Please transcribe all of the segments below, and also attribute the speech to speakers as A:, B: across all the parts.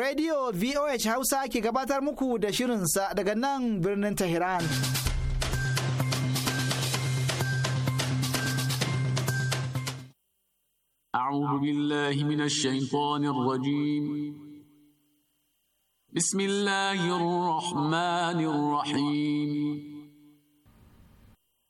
A: Radiyo VOH Hausa ki gabatar muku da shirin sa daga nan birnin Tairan.
B: A'a wani biyar da zan iya amsawa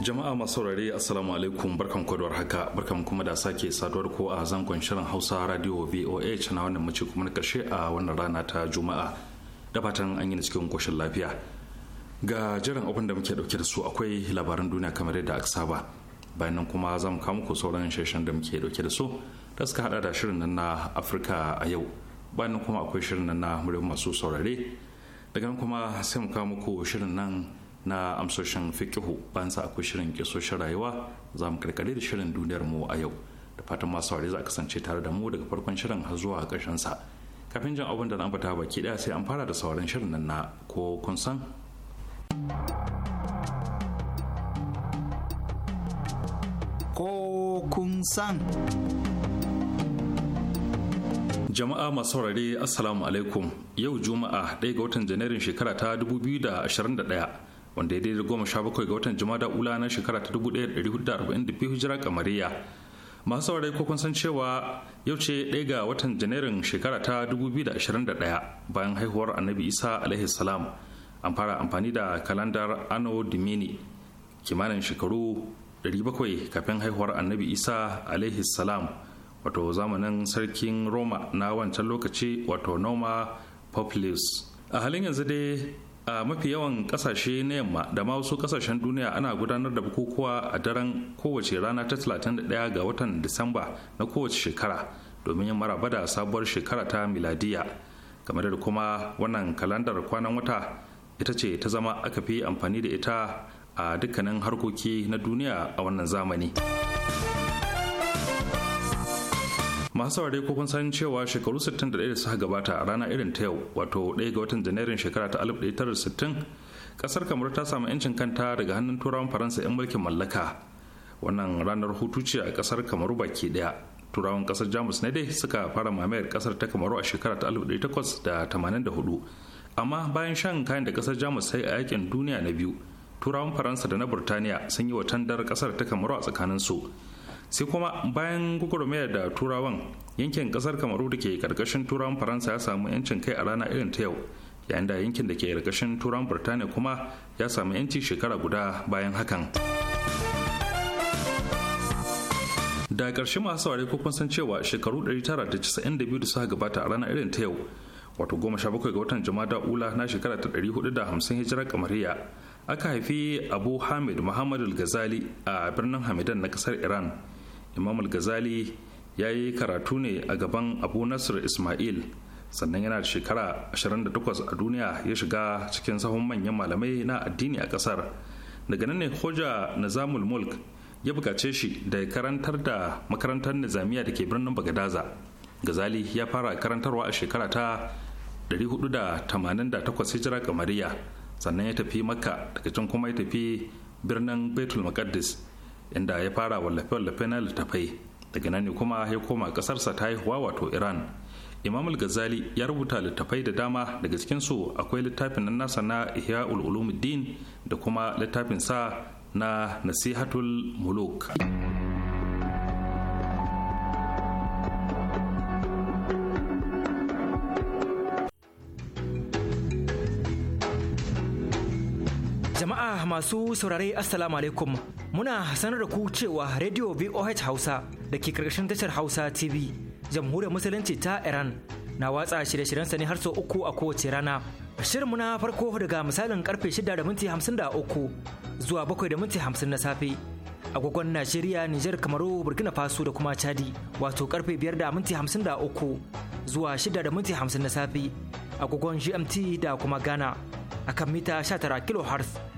C: jama'a masu saurare assalamu alaikum barkan kwadwar haka barkan kuma da sake saduwar ko a zangon shirin hausa radio voa na wannan mace kuma na karshe a wannan rana ta juma'a da fatan an yi cikin koshin lafiya ga jiran abin da muke dauke da su akwai labaran duniya kamar yadda aka saba bayan nan kuma za mu kama ku sauran sheshen da muke dauke da su da suka hada da shirin nan na afirka a yau bayan nan kuma akwai shirin nan na muryar masu saurare daga nan kuma sai mu kama muku shirin nan na amsoshin fikihu bayan sa akwai shirin kisoshin rayuwa za mu karkare da shirin duniyar mu a yau da fatan masu saurare za a kasance tare da mu daga farkon shirin har zuwa ƙarshen sa kafin jin abin da na ambata baki daya sai an fara da sauran shirin nan na ko kun san ko kun san jama'a masu saurare assalamu alaikum yau juma'a ɗaya ga watan janairun shekara ta 2021 wanda ya daidai goma sha bakwai ga watan jumada ula na shekara ta dubu ɗaya ɗari hudu arba'in da biyu hijira kamariya masu saurari ko kun san cewa yau ce ɗaya ga watan janairun shekara ta dubu biyu da ashirin da ɗaya bayan haihuwar annabi isa alaihi salam an fara amfani da kalandar ano Dimini, kimanin shekaru bakwai kafin haihuwar annabi isa alaihi salam wato zamanin sarkin roma na wancan lokaci wato noma populus a halin yanzu dai a mafi yawan kasashe na yamma da ma wasu kasashen duniya ana gudanar da bukukuwa a daren kowace rana ta 31 ga watan disamba na kowace shekara domin yin maraba da sabuwar shekara ta miladiya kamar da kuma wannan kalandar kwanan wata ita ce ta zama aka fi amfani da ita a dukkanin harkoki na duniya a wannan zamani. masu saurare ko kun san cewa shekaru 61 da suka gabata a rana irin ta yau wato 1 ga watan janairun shekara ta 1960 kasar kamar ta samu 'yancin kanta daga hannun turawan faransa 'yan mulkin mallaka wannan ranar hutu ce a kasar kamaru baki daya turawan kasar jamus ne dai suka fara mamayar kasar ta kamaru a shekara ta 1884 amma bayan shan kayan da kasar jamus sai a yakin duniya na biyu turawan faransa da na burtaniya sun yi wa tandar kasar ta kamaru a tsakaninsu su sai kuma bayan gwagwarmayar da turawan yankin kasar kamaru da ke karkashin turawan faransa ya samu yancin kai a rana irin ta yau yayin da yankin da ke karkashin turawan birtaniya kuma ya samu yanci shekara guda bayan hakan da ƙarshe masu saurari ko kun san cewa shekaru 992 da suka gabata a rana irin ta yau wato 17 ga watan jama'a ula na shekara ta 450 hijirar kamariya aka haifi abu hamid muhammad al-ghazali a birnin hamidan na kasar iran imam al-ghazali ya yi karatu ne a gaban abu nasir ismail sannan yana da shekara 28 a duniya ya shiga cikin sahun manyan malamai na addini a kasar daga nan ne hoja nizamul mulk ya bukace shi da ya karantar da makarantar nizamiya da ke birnin bagadaza gazali ya fara karantarwa a shekara ta 488 hijira kamariya sannan ya tafi makka daga can kuma ya tafi birnin betul maqaddis inda ya fara wallafe-wallafe na littafai daga nan ne kuma ya koma ƙasarsa ta haihuwa wato iran imam gazali ya rubuta littafai da dama daga cikinsu akwai littafin nan nasa na ihya ululumuddin da kuma littafin sa na nasihatul muluk
D: Masu saurare Assalamu alaikum muna sanar da ku cewa Radio VOH Hausa da ke karkashin tashar Hausa TV jamhuriyar musulunci ta Iran na watsa shirye shiryen ne har sau uku a kowace rana. Shirinmu na farko daga misalin karfe shida da minti hamsin da uku zuwa bakwai da minti hamsin na safe. agogon Najeriya, Nijar, Kamaru, Burkina Faso da kuma Chadi wato karfe 5:53 da minti zuwa 6:50 da minti na safe agogon GMT da kuma Ghana akan mita 19 kHz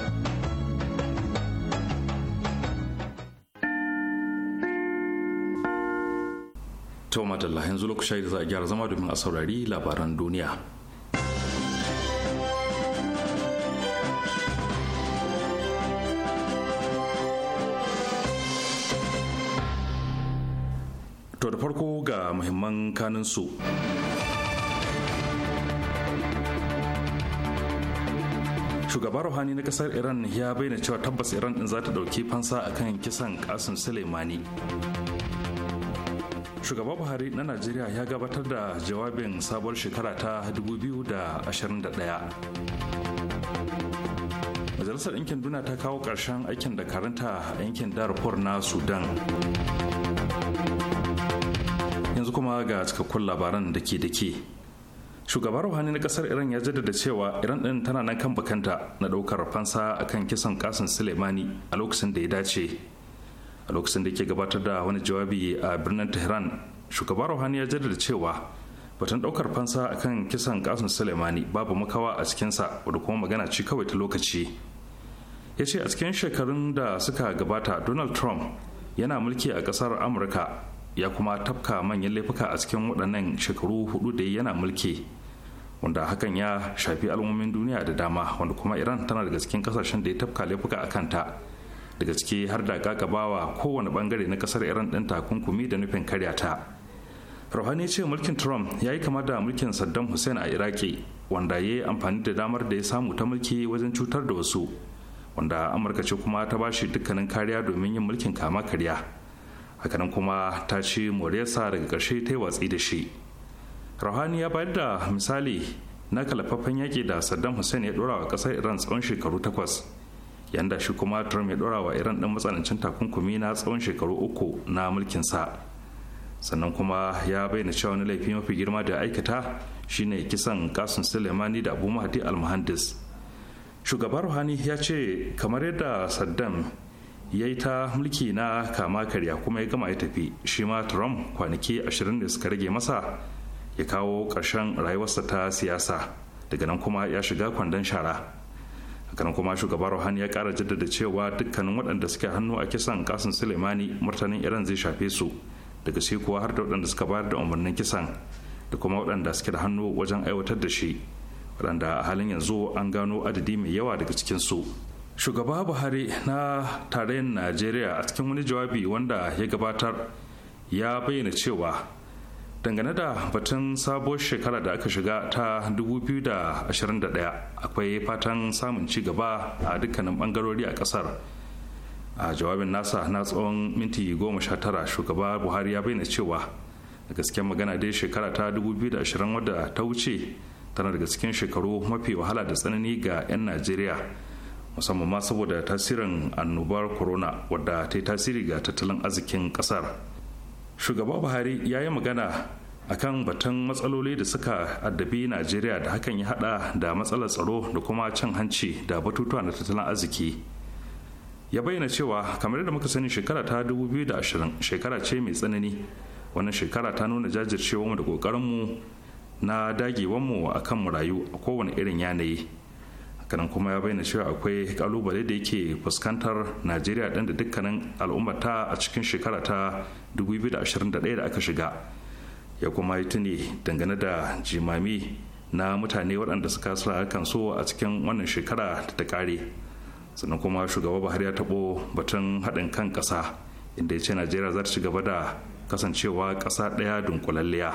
C: to madalla yanzu lokaci da za a gyara zama domin a saurari labaran duniya to da farko ga muhimman kanin su shugaban ruhani na kasar iran ya bayyana cewa tabbas iran din za ta dauki fansa akan kisan kasim suleimani shugaba buhari na najeriya ya gabatar da jawabin sabuwar shekara ta 2021 majalisar yankin duna ta kawo ƙarshen aikin da karanta a yankin darfur na sudan yanzu kuma ga cikakkun labaran da ke da ke shugaban ruhani na kasar iran ya jaddada cewa iran ɗin tana nan kan bakanta na ɗaukar fansa akan kisan kasan suleimani a lokacin da ya dace a lokacin da ke gabatar da wani jawabi a birnin tehran shugaba ruhani ya jaddada cewa batun daukar fansa akan kisan kasun sulemani babu makawa a cikinsa wadda kuma magana ci kawai ta lokaci ya ce a cikin shekarun da suka gabata donald trump yana mulki a kasar amurka ya kuma tafka manyan laifuka a cikin waɗannan shekaru hudu da yana mulki wanda hakan ya shafi al'ummomin duniya da dama wanda kuma iran tana daga cikin kasashen da ya tafka laifuka a kanta daga ciki har da bawa kowane bangare na kasar iran ɗin takunkumi da nufin karya ta rohani ce mulkin trump ya yi kama da mulkin saddam hussein a iraki wanda ya yi amfani da damar da ya samu ta mulki wajen cutar da wasu wanda amurka ce kuma ta bashi dukkanin kariya domin yin mulkin kama karya hakanan kuma ta ci moriyarsa daga ƙarshe ta yi watsi da shi rohani ya bayar da misali na kalafaffen yaƙi da saddam hussein ya ɗora wa ƙasar iran tsawon shekaru takwas yanda shi kuma trump ya dora wa iran ɗin matsanancin takunkumi na tsawon shekaru uku na mulkinsa sannan kuma ya bayyana cewa wani laifi mafi girma da aikata shine kisan kasun sulemani da abu mahdi almuhandis shugaba ruhani ya ce kamar yadda saddam ya yi ta mulki na kama karya kuma ya gama ya tafi shi ma trump kwanaki ashirin da suka rage masa ya kawo ƙarshen rayuwarsa ta siyasa daga nan kuma ya shiga kwandon shara hakan kuma shugaban rohani ya kara jaddada cewa dukkanin waɗanda suke hannu a kisan kasan suleimani martanin iran zai shafe su daga sai kuwa har da waɗanda suka bayar da umarnin kisan da kuma waɗanda suke da hannu wajen aiwatar da shi waɗanda a halin yanzu an gano adadi mai yawa daga cikin su shugaba buhari na tarayyar najeriya a cikin wani jawabi wanda ya gabatar ya bayyana cewa dangane da batun sabuwar shekara da aka shiga ta 2021 akwai fatan samun ci gaba a dukkanin bangarori a kasar a jawabin nasa na tsawon minti goma sha tara shugaba buhari ya bayyana cewa da gasken magana dai shekara ta 2020 wadda ta wuce tana daga cikin shekaru mafi wahala da tsanani ga 'yan najeriya musamman ma saboda tasirin annobar corona wadda ta yi tasiri ga tattalin arzikin kasar shugaba buhari ya yi magana a kan batun matsaloli da suka addabi najeriya da hakan ya hada da matsalar tsaro da kuma cin hanci da batutuwa na tattalin arziki ya bayyana cewa kamar da muka sani shekara ta 2020 shekara ce mai tsanani wannan shekara ta nuna mu da kokarinmu na dagewanmu a kan mu a kowane irin yanayi kanan kuma ya bayyana cewa akwai kalubale da yake fuskantar najeriya ɗin da dukkanin al'ummata a cikin shekara ta 2021 da aka shiga ya kuma yi tuni dangane da jimami na mutane waɗanda suka sa so a cikin wannan shekara da ta kare. sannan kuma shugaba buhari ya taɓo batun haɗin kan ƙasa inda ya ce najeriya za ta ci gaba da kasancewa ƙasa ɗaya dunkulalliya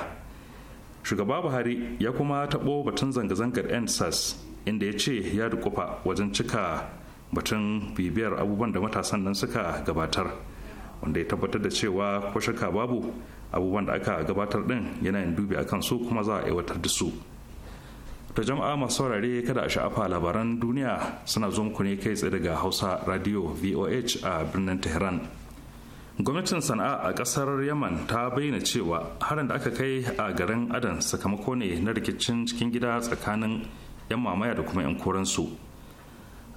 C: shugaba buhari ya kuma taɓo batun zanga-zangar endsars inda ya ce ya rikufa wajen cika batun bibiyar abubuwan da matasan nan suka gabatar wanda ya tabbatar da cewa ko shaka babu abubuwan da aka gabatar din yana yin dubi akan su kuma za a aiwatar da su ta jama'a masu saurare kada a sha'afa labaran duniya suna zo muku ne kai tsaye daga hausa radio voh a birnin tehran gwamnatin sana'a a kasar yaman ta bayyana cewa harin da aka kai a garin adan sakamako ne na rikicin cikin gida tsakanin 'yan mamaya da kuma 'yan koransu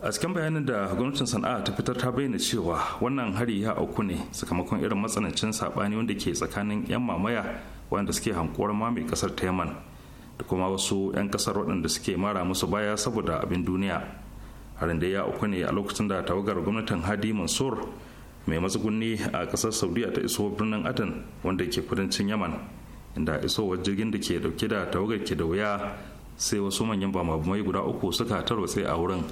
C: a cikin bayanin da gwamnatin sana'a ta fitar ta bayyana cewa wannan hari ya auku ne sakamakon irin matsanancin saɓani wanda ke tsakanin 'yan mamaya wanda suke hankuwar mamaye kasar ta yaman da kuma wasu 'yan kasar waɗanda suke mara musu baya saboda abin duniya harin da ya auku ne a lokacin da tawagar gwamnatin hadi mansur mai matsugunni a kasar saudiya ta iso birnin adan wanda ke kudancin yaman inda isowar jirgin da ke dauke da tawagar ke da wuya sai wasu manyan mai guda uku suka tarwatse a wurin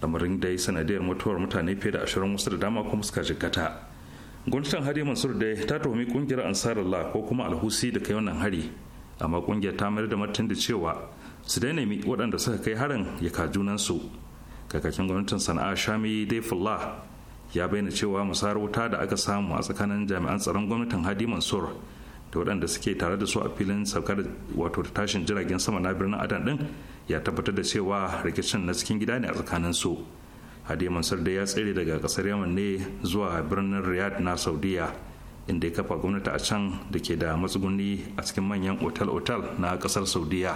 C: lamarin dai sanadiyar mutuwar mutane fiye da ashirin wasu da dama kuma suka jikata gwamnatin hari mansur dai ta tuhumi kungiyar ansarallah ko kuma alhusi da kai wannan hari amma kungiyar ta mayar da martin da cewa su dai nemi waɗanda suka kai harin ya ka junansu kakakin gwamnatin sana'a shami dai fulla ya bayyana cewa musarauta wuta da aka samu a tsakanin jami'an tsaron gwamnatin hadi mansur da waɗanda suke tare da su a filin saukar wato tashin jiragen sama na birnin adan din ya tabbatar da cewa rikicin na cikin gida ne a tsakanin su hadiyar mansur da ya tsere daga ƙasar yaman ne zuwa birnin Riyad na saudiya inda ya kafa gwamnati a can da ke da matsuguni a cikin manyan otal-otal na ƙasar saudiya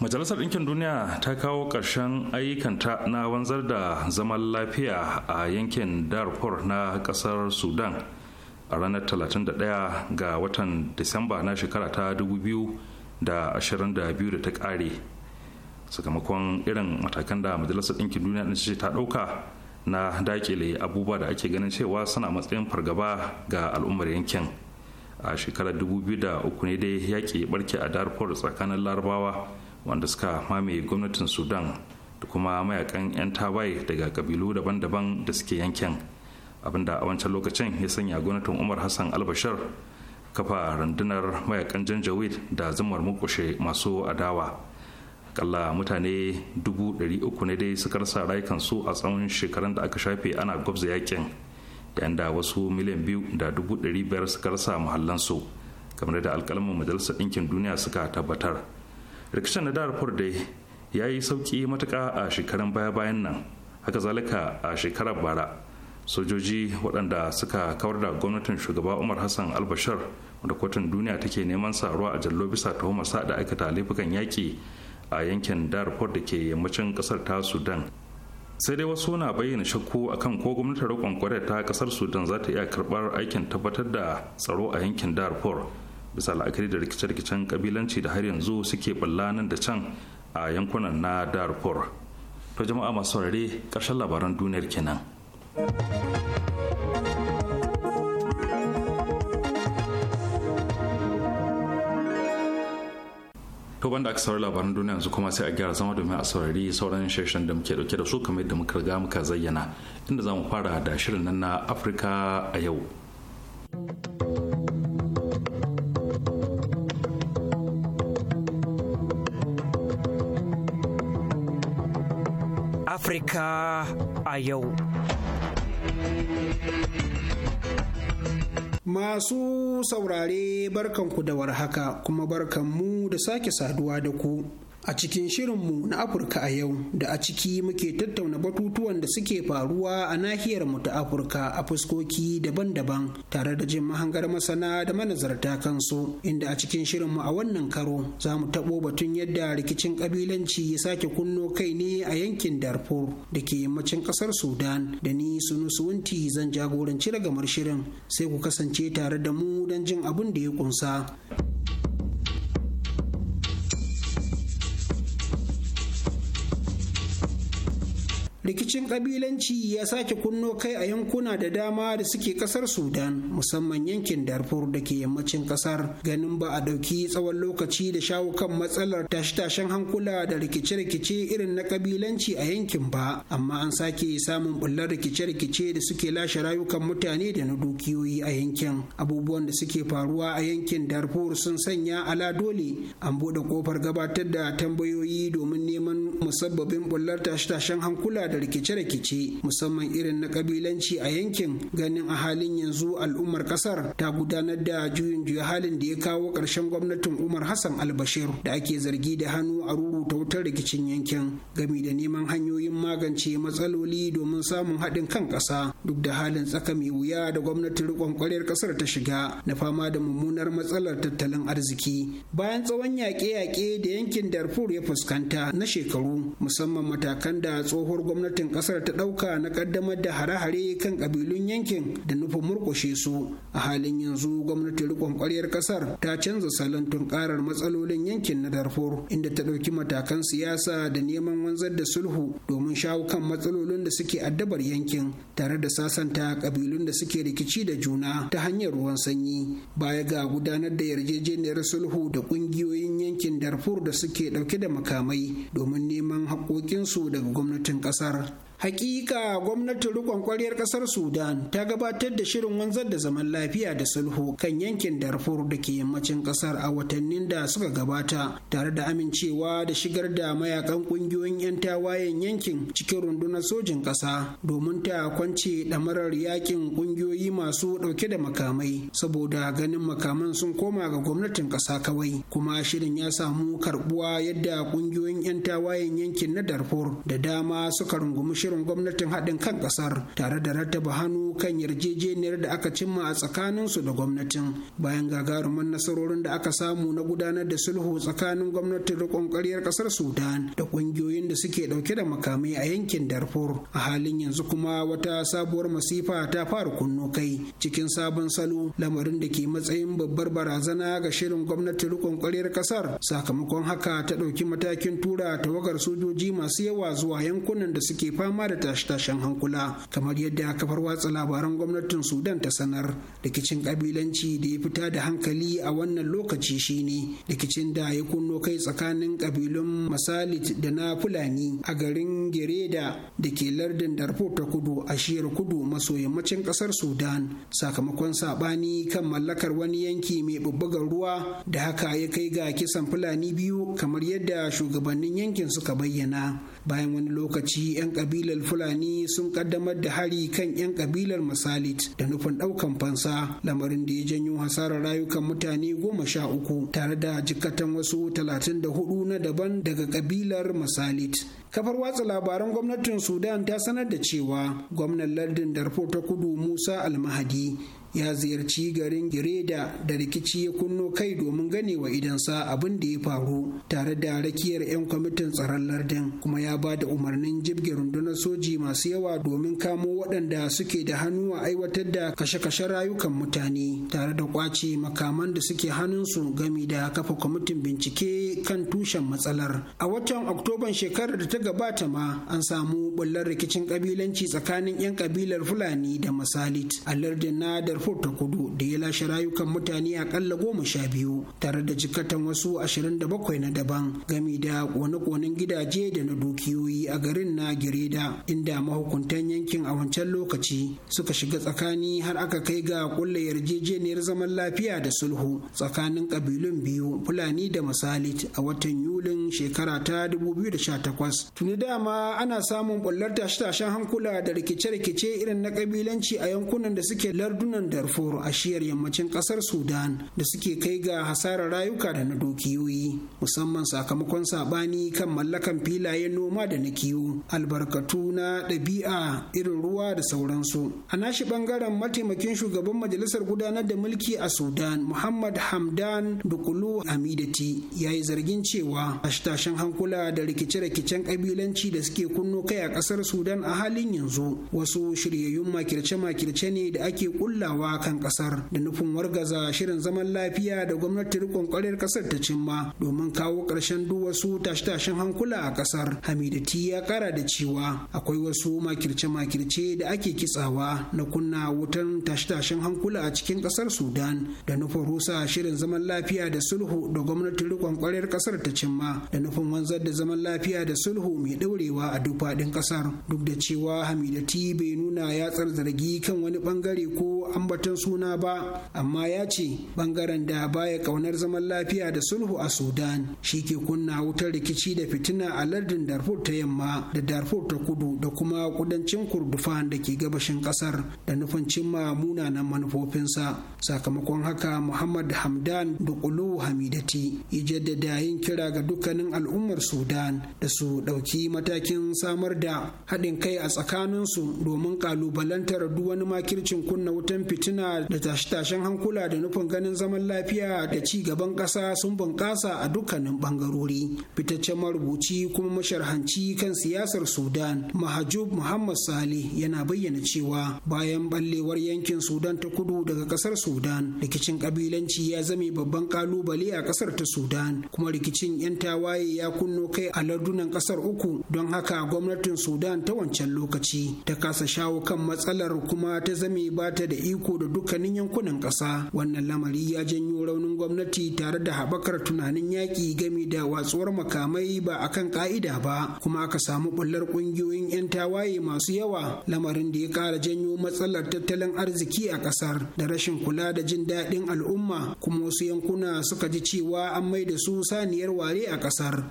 C: majalisar ɗinkin duniya ta kawo ƙarshen ayyukanta na wanzar da zaman lafiya a yankin darfur na ƙasar sudan a ranar 31 ga watan disamba na shekara ta 2022 da ta kare sakamakon irin matakan da majalisar ɗinkin duniya ɗin ce ta ɗauka na dakile abubuwa da ake ganin cewa suna matsayin fargaba ga al'ummar yankin a shekarar 2003 ne dai yaƙi barke a darfur tsakanin larabawa wanda suka mamaye gwamnatin sudan da kuma mayakan 'yan tawaye daga kabilu daban-daban da suke yankin abinda a wancan lokacin ya sanya gwamnatin umar hassan Albashar, kafa rundunar mayakan janjawid da zumar mukushe masu adawa Kalla mutane dubu uku ne dai suka rasa su a tsawon shekarun da aka shafe ana gwabza yakin yayin da wasu miliyan biyu da dubu ɗari biyar suka rasa muhallansu kamar da alƙalamin majalisar ɗinkin duniya suka tabbatar rikicin na darfur dai ya yi sauƙi matuƙa a shekarun baya-bayan nan haka zalika a shekarar bara sojoji waɗanda suka kawar da gwamnatin shugaba umar hassan albashar wanda kotun duniya take neman saruwa a jallo bisa sa da aikata laifukan yaƙi a yankin darfur da ke yammacin ƙasar ta sudan sai dai wasu na bayyana shakku akan ko gwamnatin riƙon kwarai ta ƙasar sudan za ta iya karɓar aikin tabbatar da tsaro a yankin darfur bisa la'akari da rikice-rikicen kabilanci da har yanzu suke balla nan da can a yankunan na darfur to jama'a masu saurare ƙarshen labaran duniyar kenan. to banda aka saurari labaran duniya yanzu kuma sai a gyara zama domin a saurari sauran shirin da muke dauke da su kamar yadda muka riga muka zayyana inda za mu fara da shirin nan na afirka a yau
D: afirka a yau
A: Masu saurare barkanku da warhaka kuma barkanmu da sake saduwa da ku a cikin shirinmu na afirka a yau da a ciki muke tattauna batutuwan da suke faruwa a nahiyar mu ta afirka a fuskoki daban-daban tare da jin mahangar masana da manazarta kansu inda a cikin shirinmu a wannan karo za mu taɓo batun yadda rikicin ƙabilanci ya sake kunno kai ne a yankin darfur da ke yammacin ƙasar sudan da ni sunu suwunti zan jagoranci ragamar shirin sai ku kasance tare da mu don jin abin da ya ƙunsa. rikicin kabilanci ya sake kunno kai a yankuna da dama da suke kasar sudan musamman yankin darfur da ke yammacin kasar ganin ba a ɗauki tsawon lokaci da shawo kan matsalar tashe-tashen hankula da rikice-rikice irin na kabilanci a yankin ba amma an sake samun bullar rikice-rikice da suke lashe rayukan mutane da na dukiyoyi a yankin abubuwan da suke faruwa a yankin darfur sun sanya ala dole an buɗe kofar gabatar da tambayoyi domin neman musabbabin bullar tashe-tashen hankula da da rikice-rikice musamman irin na kabilanci a yankin ganin a halin yanzu al'ummar kasar ta gudanar da juyin juya halin da ya kawo ƙarshen gwamnatin umar hassan albashir da ake zargi da hannu a rubuta wutar rikicin yankin gami da neman hanyoyin magance matsaloli domin samun haɗin kan ƙasa duk da halin tsaka mai wuya da gwamnatin riƙon ƙwaryar ƙasar ta shiga na fama da mummunar matsalar tattalin arziki bayan tsawon yaƙe-yaƙe da yankin darfur ya fuskanta na shekaru musamman matakan da tsohuwar gwamnati gwamnatin kasar ta ɗauka na ƙaddamar da hare-hare kan kabilun yankin da nufin murkushe su a halin yanzu gwamnatin rikon ƙwaryar kasar ta canza salon tunƙarar matsalolin yankin na darfur inda ta ɗauki matakan siyasa da neman wanzar da sulhu domin shawo kan matsalolin da suke addabar yankin tare da sasanta ƙabilun da suke rikici da juna ta hanyar ruwan sanyi baya ga gudanar da yarjejeniyar sulhu da ƙungiyoyin yankin darfur da suke ɗauke da makamai domin neman haƙoƙinsu daga gwamnatin ƙasar Yeah. hakika gwamnatin rikon kwaryar kasar sudan ta gabatar da shirin wanzar da zaman lafiya da sulhu kan yankin darfur da ke yammacin kasar a watannin da suka gabata tare da amincewa da shigar da mayakan kungiyoyin 'yan tawayen yankin cikin rundunar sojin kasa domin ta kwance ɗamarar yakin kungiyoyi masu dauke da makamai saboda ganin makaman sun koma ga gwamnatin kasa kawai kuma shirin ya samu karbuwa yadda kungiyoyin 'yan tawayen yankin na darfur da dama suka rungumi shirin gwamnatin haɗin kan ƙasar tare da rattaba hannu kan yarjejeniyar da aka cimma a tsakaninsu da gwamnatin bayan gagarumin nasarorin da aka samu na gudanar da sulhu tsakanin gwamnatin riƙon ƙaryar ƙasar sudan da ƙungiyoyin da suke ɗauke da makamai a yankin darfur a halin yanzu kuma wata sabuwar masifa ta fara kunno kai cikin sabon salo lamarin da ke matsayin babbar barazana ga shirin gwamnatin rikon ƙaryar kasar sakamakon haka ta ɗauki matakin tura tawagar sojoji masu yawa zuwa yankunan da suke fama fama da tashe-tashen hankula kamar yadda kafar watsa labaran gwamnatin sudan ta sanar rikicin kabilanci da ya fita da hankali a wannan lokaci shine rikicin da ya kunno kai tsakanin kabilun masalit da na fulani a garin gereda da ke lardin darfur ta kudu a shiyar kudu maso yammacin kasar sudan sakamakon sabani kan mallakar wani yanki mai bubbugar ruwa da haka ya kai ga kisan fulani biyu kamar yadda shugabannin yankin suka bayyana bayan wani lokaci 'yan kabila kabilar fulani sun kaddamar da hari kan 'yan kabilar masalit da nufin daukan fansa lamarin da ya janyo hasarar rayukan mutane goma sha uku tare da jikatan wasu talatin da hudu na daban daga kabilar masalit kafar watsa labaran gwamnatin sudan ta sanar da cewa gwamnan lardin darfur ta kudu musa almahadi ya ziyarci garin Gireda da rikici ya kunno kai domin ganewa idansa abin da ya faru tare da rakiyar 'yan kwamitin tsaron lardin kuma ya ba da umarnin jibge rundunar soji masu yawa domin kamo waɗanda suke da hannu a aiwatar da kashe-kashe rayukan mutane tare da kwace makaman da suke hannunsu gami da kafa kwamitin bincike kan tushen matsalar a watan oktoban shekarar da ta gabata ma an samu bullar rikicin kabilanci tsakanin 'yan kabilar fulani da masalit a lardin na da darfur ta kudu da ya lashe rayukan mutane akalla goma sha biyu tare da jikatan wasu ashirin da bakwai na daban gami da kone-konen gidaje da na dukiyoyi a garin na gireda inda mahukuntan yankin a wancan lokaci suka shiga tsakani har aka kai ga kulle yarjejeniyar zaman lafiya da sulhu tsakanin kabilun biyu fulani da masalit a watan yulin shekara ta 2018 tuni dama ana samun bullar tashe-tashen hankula da rikice-rikice irin na kabilanci a yankunan da suke lardunan darfur a shiyar yammacin kasar sudan da suke kai ga hasarar rayuka da na dukiyoyi musamman sakamakon sabani kan mallakan filayen noma da na kiwo albarkatu na ɗabi'a irin ruwa da sauransu a nashi bangaren mataimakin shugaban majalisar gudanar da mulki a sudan muhammad hamdan dukulu hamidati ya yi zargin cewa tashen hankula da rikice-rikicen ƙabilanci da suke kunno kai a ƙasar sudan a halin yanzu wasu shiryayyun makirce-makirce ne da ake kullawa aunawa kan kasar da nufin wargaza shirin zaman lafiya da gwamnati rikon kwarar kasar ta cimma domin kawo ƙarshen duk wasu tashe-tashen hankula a kasar hamidati ya kara da cewa akwai wasu makirce-makirce da ake kitsawa na kunna wutan tashe-tashen hankula a cikin kasar sudan da nufin rusa shirin zaman lafiya da sulhu da gwamnati rikon kwarar kasar ta cimma da nufin wanzar da zaman lafiya da sulhu mai ɗaurewa a duk faɗin kasar duk da cewa hamidati bai nuna yatsar zargi kan wani bangare ko an ambaton suna ba amma ya ce bangaren da baya kaunar zaman lafiya da sulhu a sudan shi ke kunna wutar rikici da fitina a lardin darfur ta yamma da darfur ta kudu da kuma kudancin kurdufan da ke gabashin kasar da nufin cimma munanan manufofinsa sakamakon haka muhammad hamdan da kulu hamidati ya jaddada yin kira ga dukkanin al'ummar sudan da su ɗauki matakin samar da haɗin kai a tsakaninsu domin ƙalubalantar duk wani makircin kunna wutan fitina fitina da tashe-tashen hankula da nufin ganin zaman lafiya da ci gaban ƙasa sun bunƙasa a dukkanin ɓangarori fitaccen marubuci kuma masharhanci kan siyasar sudan mahajub muhammad saleh yana bayyana cewa bayan ballewar yankin sudan ta kudu daga ƙasar sudan rikicin ƙabilanci ya zame babban ƙalubale a ƙasar ta sudan kuma rikicin 'yan tawaye ya kunno kai a lardunan ƙasar uku don haka gwamnatin sudan ta wancan lokaci ta kasa shawo kan matsalar kuma ta zame ba ta da iko uku da dukkanin yankunan ƙasa wannan lamari ya janyo raunin gwamnati tare da haɓakar tunanin yaƙi gami, da watsuwar makamai ba kan ƙa'ida ba kuma aka samu ɓullar ƙungiyoyin 'yan tawaye masu yawa lamarin da ya ƙara janyo matsalar tattalin arziki a ƙasar da rashin kula da jin daɗin al'umma kuma wasu yankuna suka ji cewa an mai da su saniyar ware a ƙasar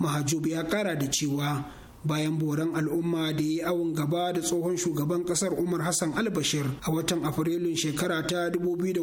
A: mahajub ya ƙara da cewa bayan boran al'umma da ya yi awon gaba da tsohon shugaban kasar umar hassan albashir a watan afrilun shekara ta 2019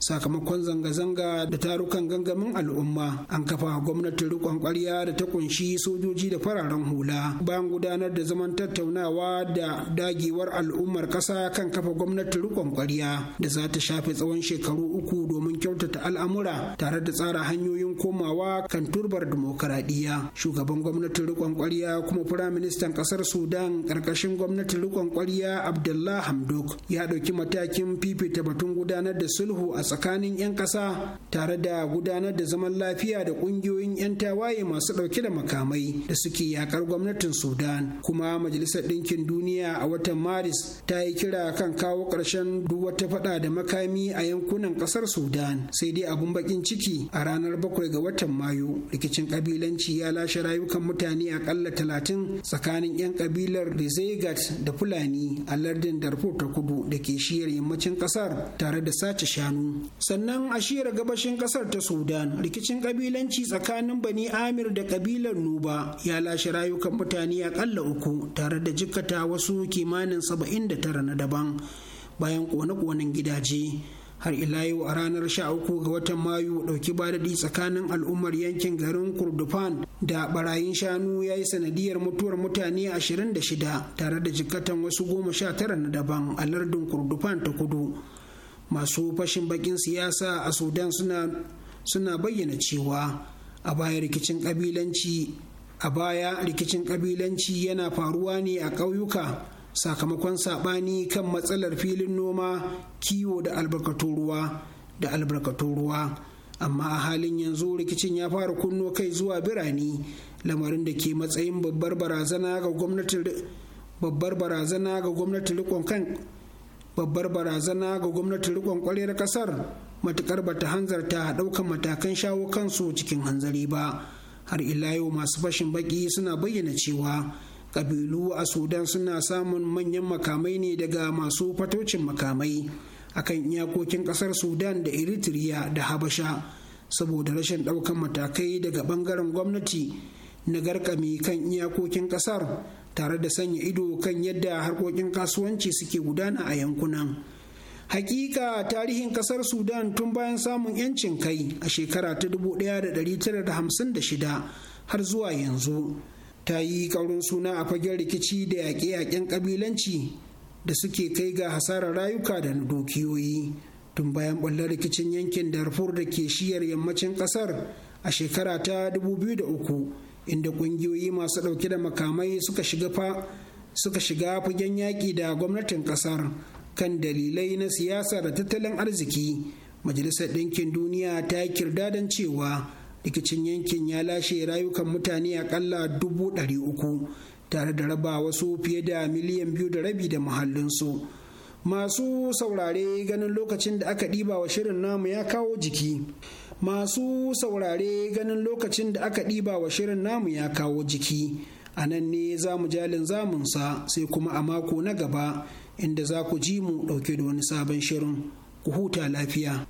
A: sakamakon zanga-zanga da tarukan gangamin al'umma an kafa gwamnatin rikon kwarya da ta kunshi sojoji da fararen hula bayan gudanar da zaman tattaunawa da dagewar al'ummar kasa kan kafa gwamnatin rikon kwarya da za ta shafe tsawon shekaru uku domin kyautata al'amura tare da tsara hanyoyin komawa kan turbar dimokuraɗiyya shugaban gwamnatin rikon kwarya da kuma firaministan ƙasar sudan ƙarƙashin gwamnatin rikon ƙwarya abdullah hamdok ya ɗauki matakin fifita batun gudanar da sulhu a tsakanin 'yan ƙasa tare da gudanar da zaman lafiya da ƙungiyoyin 'yan tawaye masu ɗauke da makamai da suke yakar gwamnatin sudan kuma majalisar ɗinkin duniya a watan maris ta yi kira kan kawo ƙarshen duk wata faɗa da makami a yankunan ƙasar sudan sai dai abun bakin ciki a ranar bakwai ga watan mayu rikicin ƙabilanci ya lashe rayukan mutane a aƙalla talatin tsakanin 'yan kabilar Rizegat da Fulani a lardin Darfur ta kudu da ke shiyar yammacin kasar tare da sace shanu. Sannan a shiyar gabashin kasar ta Sudan rikicin kabilanci tsakanin Bani Amir da kabilar Nuba ya lashe rayukan mutane akalla uku tare da jikata wasu kimanin saba'in da tara na daban bayan kone-konen gidaje. har ila yau a ranar 13 ga watan mayu dauki badadi tsakanin al'ummar yankin garin kurdufan da barayin shanu ya yi sanadiyar mutuwar mutane 26 tare da jikatan wasu goma sha tara na daban a lardin kurdufan ta kudu masu fashin bakin siyasa a sudan suna bayyana cewa a baya rikicin kabilanci a baya rikicin kabilanci yana faruwa ne a ƙauyuka sakamakon saɓani kan matsalar filin noma kiwo da albarkatun ruwa da albarkatun ruwa amma a halin yanzu rikicin ya fara kunno kai zuwa birane lamarin da ke matsayin babbar barazana ga gwamnatin babbar barazana ga gwamnatin rikon kan babbar barazana ga gwamnatin rikon kwarar kasar matukar bata hanzarta daukan matakan shawo kansu cikin hanzari ba har ila yau masu fashin baki suna bayyana cewa kabilu a sudan suna samun manyan makamai ne daga masu fatocin makamai akan iyakokin kasar sudan da eritrea da habasha saboda rashin ɗaukan matakai daga ɓangaren gwamnati na garkami kan iyakokin kasar tare da sanya ido kan yadda harkokin kasuwanci suke gudana a yankunan. hakika tarihin kasar sudan tun bayan samun 'yancin kai a shekara ta 1956 har zuwa yanzu ta yi ƙaurin suna a fagen rikici da yaƙe-yaƙen ƙabilanci da suke kai ga hasarar rayuka da dukiyoyi tun bayan ɓallar rikicin yankin darfur da ke shiyar yammacin ƙasar a shekara ta 2003 inda ƙungiyoyi masu ɗauke da makamai suka shiga suka shiga fagen yaƙi da gwamnatin ƙasar kan dalilai na siyasa da tattalin arziki majalisar ɗinkin duniya ta yi kirdadan cewa rikicin yankin ya lashe rayukan mutane akalla dubu ɗari uku tare da raba wasu fiye da miliyan biyu da rabi da muhallinsu masu saurare ganin lokacin da aka ɗiba wa shirin namu ya kawo jiki masu saurare ganin lokacin da aka ɗiba wa shirin namu ya kawo jiki a nan ne za mu jalin zamunsa sai kuma a mako na gaba inda za ku ji mu ɗauke da wani sabon shirin ku huta lafiya.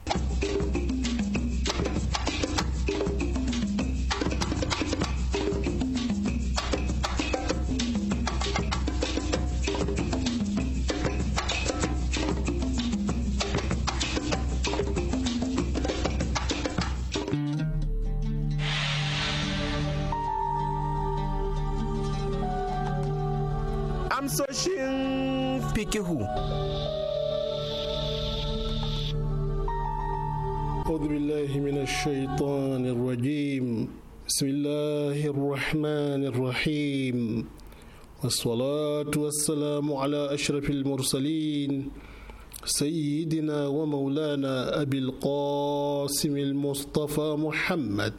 E: بالله من الشيطان الرجيم بسم الله الرحمن الرحيم والصلاة والسلام على أشرف المرسلين سيدنا ومولانا أبي القاسم المصطفى محمد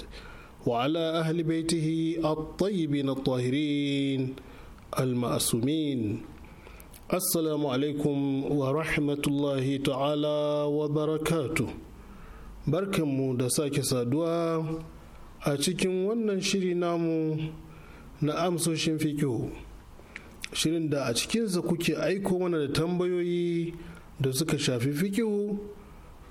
E: وعلى أهل بيته الطيبين الطاهرين المأسومين السلام عليكم ورحمة الله تعالى وبركاته barkanmu da sake saduwa a cikin wannan shiri namu na amsoshin fikihu shirin da a cikinsa kuke aiko mana da tambayoyi da suka shafi fikihu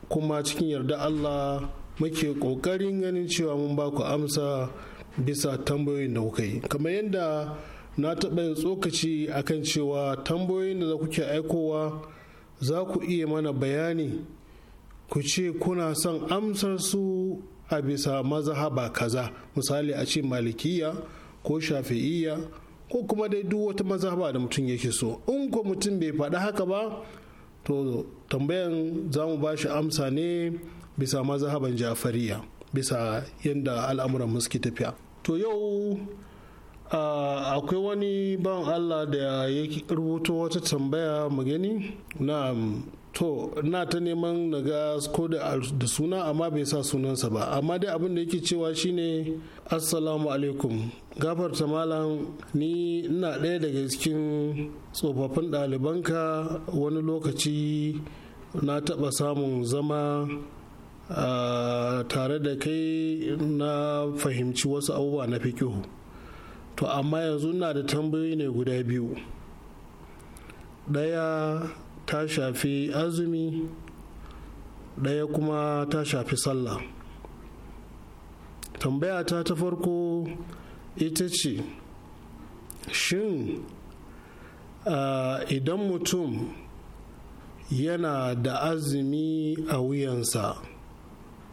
E: kuma cikin yarda Allah muke ƙoƙarin ganin cewa mun ba ku amsa bisa tambayoyin da kuka yi kamar yadda na taɓa yin tsokaci akan cewa tambayoyin da za kuke aikowa za ku iya mana bayani ku ce kuna son amsar su a bisa mazhaba kaza misali a ce malikiya ko shafi'iya ko kuma dai duk wata mazhaba da mutum yake so in ko mutum bai faɗi haka ba to tambayan za mu ba shi amsa ne bisa mazhaban jafariya bisa yadda al'amuran muske tafiya to yau akwai wani ban allah da ya rubuto wata tambaya mu gani na to na ta neman na ga ko da suna amma bai sa sunansa ba amma dai abin da yake cewa shine assalamu alaikum gafarta malam ni na ɗaya daga cikin tsofaffin ɗalibanka wani lokaci na taɓa samun zama tare da kai na fahimci wasu abubuwa na fikihu to amma yanzu na da tambayoyi ne guda biyu ɗaya ta shafi azumi ɗaya kuma ta shafi sallah tambaya ta ta farko ita ce shin idan mutum yana da azumi a wuyansa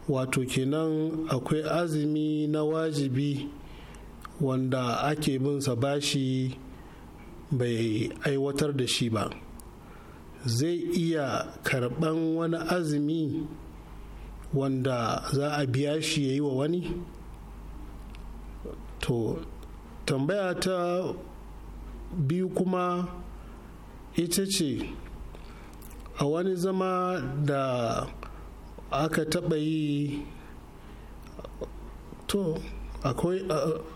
E: wato kenan akwai azumi na wajibi wanda ake bin sa bashi bai aiwatar da shi ba zai iya karɓan wani azumi wanda za a biya shi ya yi wa wani to tambaya ta biyu kuma ita ce a wani zama da aka taɓa yi to akwai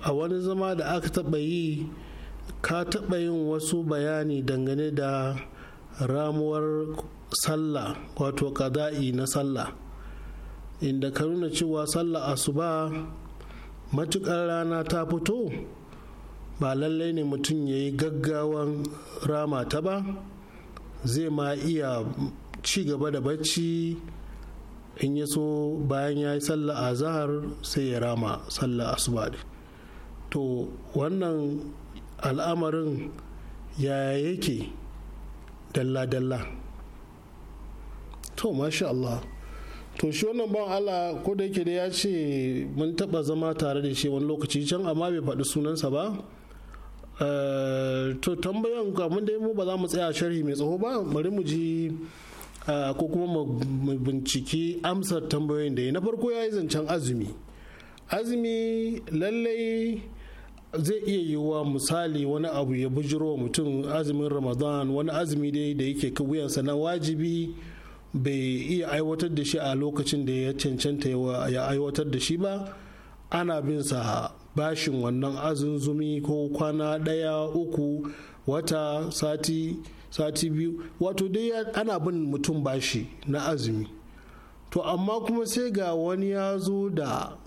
E: a wani zama da aka taɓa yi ka taɓa yin wasu bayani dangane da ramuwar sallah wato kada'i na sallah inda ka nuna cewa sallah asuba matukar rana ta fito ba lallai ne mutum ya yi gaggawan rama ta ba zai ma iya ci gaba da bacci in ya so bayan ya yi sallah azahar sai ya rama sallah asuba to wannan al'amarin yaya yake dalla-dalla to masha Allah to shi wannan ban Allah ko da yake da ya ce mun taba zama tare da shi wani lokaci can amma bai faɗi sunansa ba eh, to tambayan mun dai mu ba za mu tsaya sharhi mai tsaho ba bari mu ji eh, ko kuma mu binciki amsar tambayoyin da ya na farko ya yi zancen azumi azumi lallai zai iya yiwuwa misali wani abu ya bujiro mutum azumin ramadan wani azumi dai da yake wuyansa na wajibi bai iya aiwatar da shi a lokacin da ya cancanta ya aiwatar da shi ba ana bin sa bashin wannan azunzumi ko kwana ɗaya uku wata sati sati biyu wato dai ana bin mutum bashi na azumi to amma kuma sai ga wani ya zo da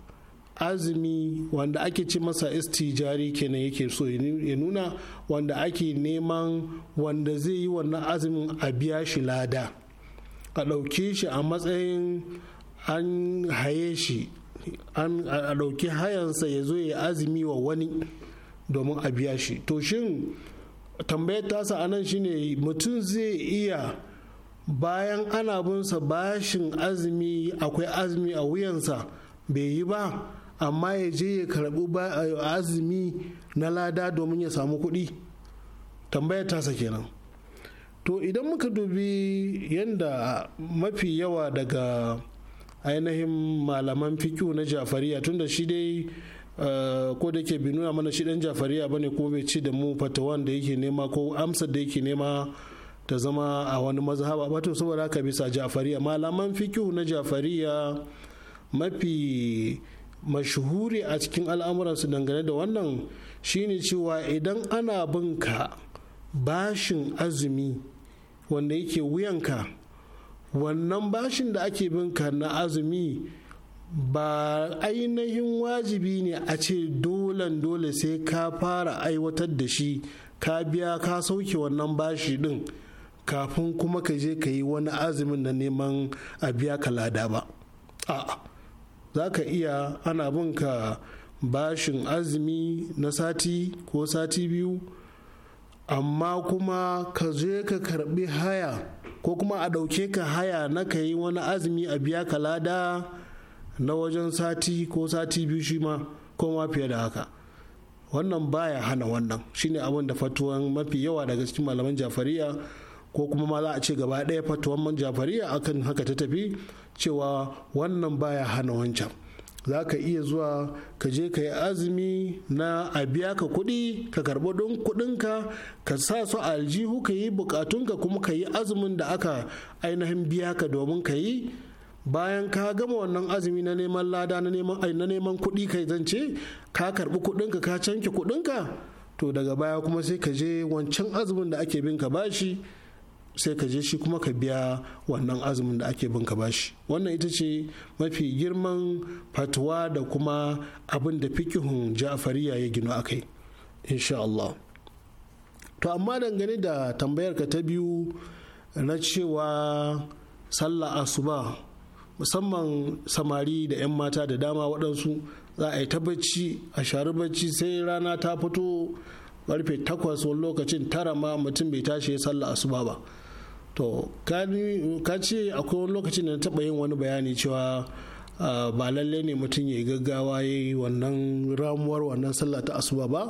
E: azumi wanda ake ci masa istijari kenan yake so ya nuna wanda ake neman wanda zai yi wannan azumin a biya shi lada a ɗauke shi a matsayin an haye shi a ɗauki hayansa ya zo ya azumi wa wani domin a biya shi to shin tambayar tasa anan shine mutum zai iya bayan ana binsa bashin azumi akwai azumi a wuyansa bai yi ba amma ya je ya karɓi eh, azumi na lada domin ya samu kuɗi tambayar tasa kenan to idan muka dubi yadda mafi yawa daga ainihin malaman fikiyu na jafariya tunda shi dai eh, ko da ke bi nuna mana shi dan jafariya ne ko bai ci da mu fatawan da yake nema ko amsa da yake nema ta zama a wani mazhaba ba to saboda haka bisa jafariya malaman fikihu na jafariya mafi mashuhuri a cikin al'amuransu dangane da wannan shine cewa idan ana bin ka bashin azumi wanda yake wuyanka wannan bashin da ake bin na azumi ba ainihin wajibi ne a ce dolan dole sai ka fara aiwatar da shi ka biya ka sauke wannan bashi din kafin kuma ka je ka yi wani azumin na neman a biya ka lada ba a'a za ka iya ana bin ka bashin azumi na sati ko sati biyu amma kuma ka je ka karbi haya ko kuma a ɗauke ka haya na ka yi wani azumi a biya ka lada na wajen sati ko sati biyu shi ma ko fiye da haka wannan baya hana wannan shine abin da fatuwan mafi yawa daga cikin malaman jafariya ko kuma ma za a ce gaba ɗaya fatuwan man jafariya akan haka ta tafi cewa wannan baya hana wancan za ka iya zuwa ka je ka yi azumi na a biya ka kuɗi ka karɓi don kuɗinka ka sa su a aljihu ka yi bukatunka kuma ka yi azumin da aka ainihin biya ka domin ka yi bayan ka gama wannan azumi na neman lada na neman kuɗi kai zance ka karɓi kuɗinka ka canke kuɗinka to daga baya kuma sai ka je wancan azumin da ake bin ka bashi sai ka je shi kuma ka biya wannan azumin da ake bin ka bashi wannan ita ce mafi girman fatuwa da kuma abin da fikihun ja'fariya ya gino a kai insha Allah to amma dangane da tambayar ka ta biyu na cewa sallah asuba musamman samari da 'yan mata da dama waɗansu za a yi ta a shari bacci sai rana ta fito karfe takwas wani lokacin tara ma mutum bai tashi ya sallah asuba ba to ka ce akwai wani lokacin da na taba yin wani bayani cewa ba lalle ne mutum ya yi gaggawa ya yi wannan ramuwar wannan sallah ta asuba ba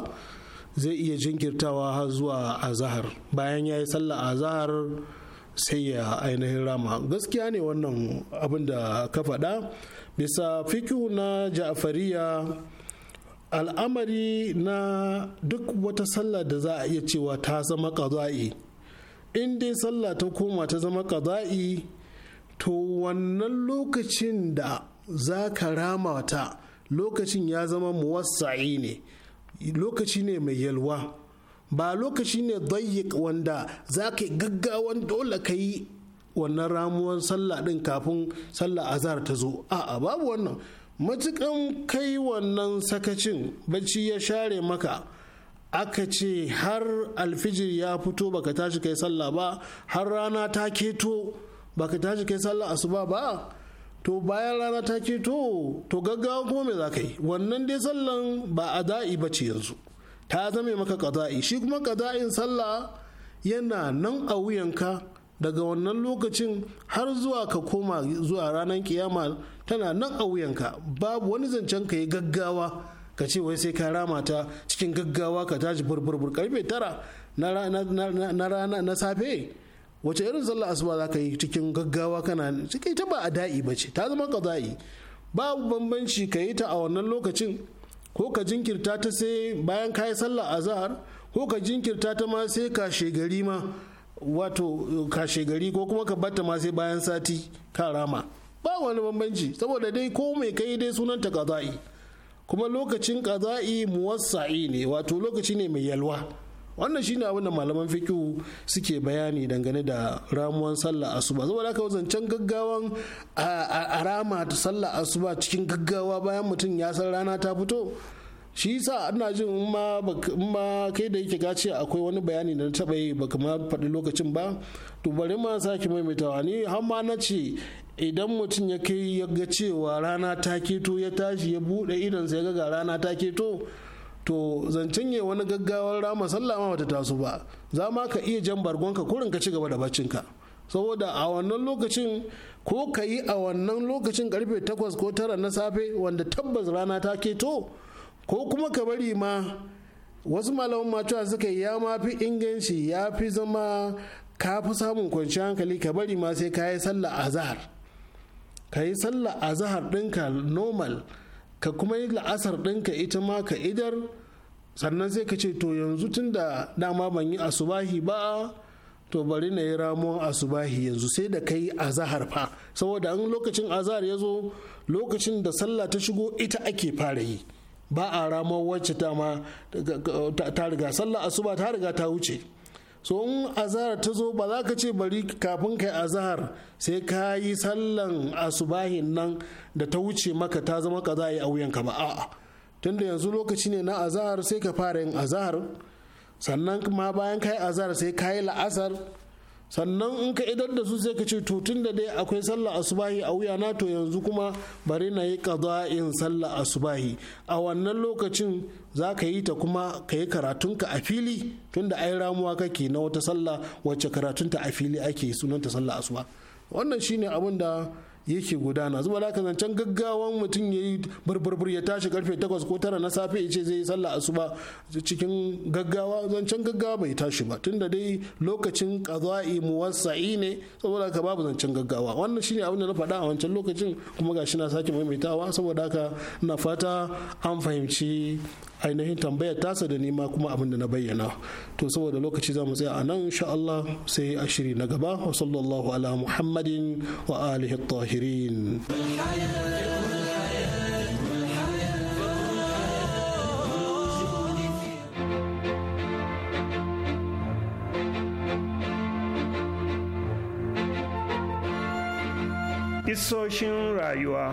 E: zai iya jinkirtawa har zuwa azahar bayan ya yi sallah azahar sai ya ainihin rama gaskiya ne wannan abin da ka faɗa bisa fikihu na ja'afariya al'amari na duk wata sallah da za a iya cewa ta zama ƙaza'i in dai sallah ta koma ta zama ƙaza'i to wannan lokacin da za ka rama ta lokacin ya zama muwassa'i ne lokaci ne mai yalwa ba lokaci ne dayyik wanda za ka gaggawan dole ka yi wannan ramuwan sallah ɗin kafin sallah azhar ta zo a'a babu wannan matukan kai wannan sakacin bacci ya share maka aka ce har alfijir ya fito baka tashi kai sallah ba har rana ta keto baka tashi kai sallah asuba ba to bayan rana ta keto to gaggawa kuma me za ka yi wannan dai sallan ba a da'i ba ce yanzu ta zame maka kaza'i shi kuma kaza'in sallah yana nan a wuyanka daga wannan lokacin har zuwa ka koma zuwa ranar kiyama tana nan a wuyanka babu wani zancen ka yi gaggawa ka ce wai sai ka rama ta cikin gaggawa ka tashi burburbur karfe tara na rana na safe wace irin sallar asuba za ka yi cikin gaggawa kana cikin ta ba a da'i ba ce ta zama za'i babu bambanci ka yi ta a wannan lokacin ko ka jinkirta ta sai bayan ka yi a zahar, ko ka jinkirta ta ma sai ka shegari ma wato ka shegari ko kuma ka batta ma sai bayan sati ka rama ba wani bambanci saboda dai ko mai kai dai sunanta ta kaza'i kuma lokacin kaza'i muwassa'i ne wato lokaci ne mai yalwa wannan shine abin da malaman fikihu suke bayani dangane da ramuwan sallah asuba saboda haka wazancan gaggawan a rama ta sallah asuba cikin gaggawa bayan mutum ya san rana ta fito shi yasa ina jin in ma kai da yake gace akwai wani bayani da na taɓa yi ba ma faɗi lokacin ba to bari ma sake maimaitawa ni har ma na ce idan mutum ya kai ya ga cewa rana ta keto ya tashi ya buɗe idonsa ya ga rana ta keto to zancen ya wani gaggawar rama sallah ma bata taso ba za ma ka iya jan bargonka kurin ka ci gaba da baccinka saboda a wannan lokacin ko ka yi a wannan lokacin karfe 8 ko tara na safe wanda tabbas rana ta keto ko kuma ka bari ma wasu malaman mata suka ya ma fi inganci ya fi zama ka fi samun kwanciyar hankali ka bari ma sai ka yi sallah azahar ka yi sallah azahar ɗinka normal ka kuma yi la'asar ɗinka ita ma ka idar sannan sai ka ce to yanzu tun da dama ban yi asubahi ba to bari na yi ramuwan asubahi yanzu sai da kai azahar fa saboda an lokacin azahar ya zo lokacin da sallah ta shigo ita ake fara yi ba a ramar wacce ta ma ta riga sallah asuba ta riga ta wuce so in azahar ta zo ba za ka ce bari kafin kai azahar sai ka yi sallan asubahin nan da ta wuce maka ta zama ka a yi ka ba a'a tunda yanzu lokaci ne na azahar sai ka fara yin azahar sannan ma bayan ka yi azahar sai ka yi la'asar sannan in ka idar da su sai ka ce to tun da dai akwai sallah asubahi a wuya na to yanzu kuma bari na yi kazain sallah asubahi a wannan lokacin za ka yi ta kuma ka yi karatunka a fili tun tunda ai ramuwa kake na wata sallah wacce karatunta a fili ake sunanta sallah asuba wannan shine abin da yake gudana zuwa da zancen gaggawan mutum ya yi barbarbar ya tashi karfe 8 ko 9 na safe ya ce zai yi sallah asuba cikin gaggawa zan can gaggawa bai tashi ba tunda dai lokacin qada'i muwassa'i ne saboda haka babu zancen gaggawa wannan shine abin da na faɗa a wancan lokacin kuma gashi na sake maimaitawa saboda haka na fata an fahimci ainihin tambayar tasa da nima kuma abin da na bayyana to saboda lokaci za mu tsaya a nan insha Allah sai a shiri na gaba wa sallallahu ala muhammadin wa alihi tahirin
A: Isoshin rayuwa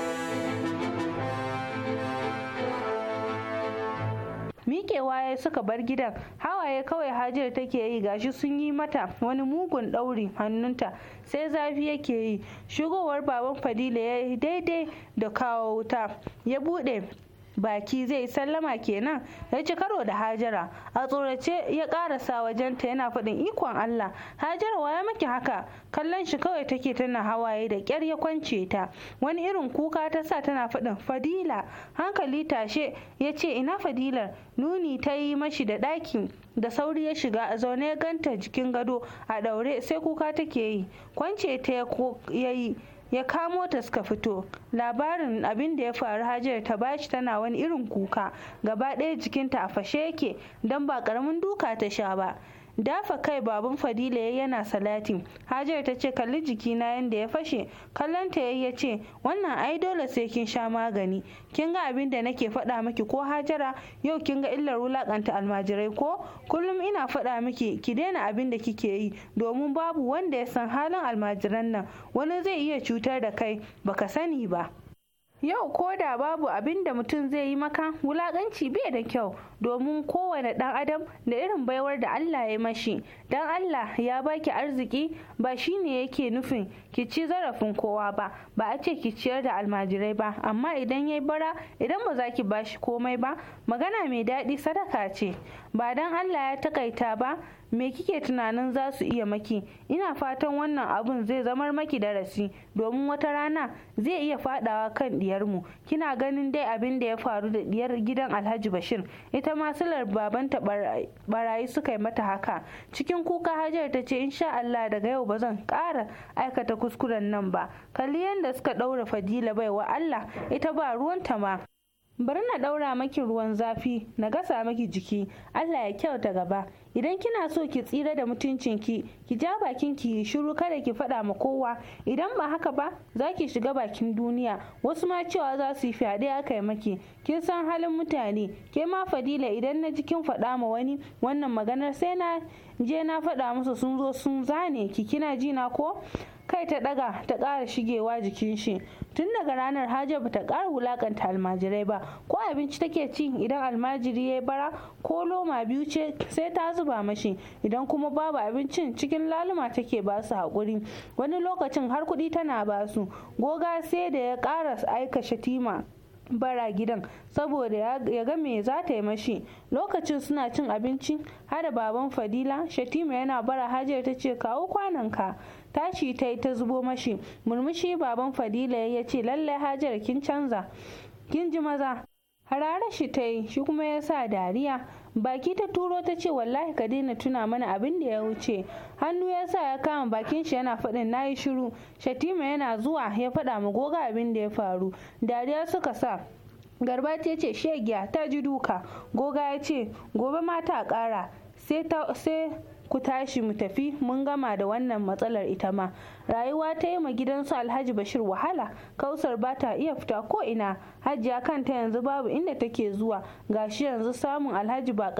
F: miƙewa ya suka bar gidan hawaye kawai hajiyar take yi gashi sun yi mata wani mugun ɗauri hannunta sai zafi yake yi shigowar baban fadila ya yi daidai da kawo wuta ya buɗe baki zai sallama kenan ya ci karo da hajara a tsorace ya karasa wajenta yana faɗin ikon allah hajara waya maki haka kallon shi kawai take tana hawaye da ƙyar ya kwance ta wani irin kuka ta sa tana faɗin fadila hankali tashe ya ce ina fadilar nuni ta yi mashi da ɗakin da sauri ya shiga a zaune ya ganta jikin gado a ɗaure sai kuka take yi kwance ta ya yi ya kamo ta suka fito labarin abin da ya faru hajar ta bashi tana wani irin kuka gaba ɗaya jikinta a fashe yake don ba ƙaramin duka ta sha ba dafa kai baban fadila ya yana salati hajar ta ce kalli jikina yadda ya fashe kallon ta yayi ya ce wannan ai dole sai kin sha magani kin ga abin da nake faɗa miki ko hajara yau kin ga illar wulakanta almajirai ko kullum ina faɗa miki ki daina abin da kike yi domin babu wanda ya san halin almajiran nan wani zai iya cutar da kai baka sani ba yau ko da babu abin da mutum zai yi maka wulakanci bai da kyau domin kowane ɗan adam da irin baiwar da Allah ya mashi dan Allah ya baki arziki ba shi ne yake nufin ki ci zarafin kowa ba ba a ce ki ciyar da almajirai ba amma idan yayi bara idan ba za ki bashi komai ba magana mai daɗi sadaka ce ba dan Allah ya takaita ba me kike tunanin za su iya maki ina fatan wannan abun zai zamar maki darasi domin wata rana zai iya fadawa kan diyarmu kina ganin dai abin da ya faru da diyar gidan alhaji bashir ita ma silar babanta barayi suka yi mata haka cikin kuka hajar ta ce insha allah daga yau ba zan kara aikata kuskuren nan ba kalli yadda suka ɗaura fadila baiwa allah ita ba ruwanta ma bari na ɗaura maki ruwan zafi na gasa maki jiki allah ya kyauta gaba idan kina so ki tsira da mutuncinki ki ja bakin ki shiru kada ki fada ma kowa idan ba haka ba za ki shiga bakin duniya wasu ma cewa za su yi fyaɗe aka yi maki kin san halin mutane ke ma fadila idan na ji kin fada ma wani wannan maganar sai na je na fada musu sun zo sun zane ki kina ji na ko kai ta daga ta ƙara shigewa jikin shi tun daga ranar hajar bata ƙara wulakanta almajirai ba ko abinci take ci idan almajiri ya bara ko loma biyu ce sai ta zuba mashi idan kuma babu abincin cikin laluma take ba su haƙuri wani lokacin har kuɗi tana ba su goga sai da ya ƙara aika shatima bara gidan saboda ya ga me za ta yi mashi lokacin suna cin abinci har baban fadila shatima yana bara hajar ta ce kawo kwananka tashi ta yi ta zubo mashi murmushi baban fadila ya ce lallai hajar kin canza kin ji maza harare shi ta yi shi kuma ya sa dariya baki ta turo ta ce wallahi ka daina tuna mana abin da ya wuce hannu ya sa ya kama bakin shi yana faɗin na yi shiru shatima yana zuwa ya faɗa ma goga abin da ya faru dariya suka sa garba ta ce shegiya ta ji duka goga ya ce gobe mata ƙara sai ku tashi mu tafi mun gama da wannan matsalar ita ma rayuwa ta yi ma gidansu alhaji bashir wahala kausar ba ta iya fita ko ina hajiya kanta yanzu babu inda take zuwa gashi yanzu samun alhaji ba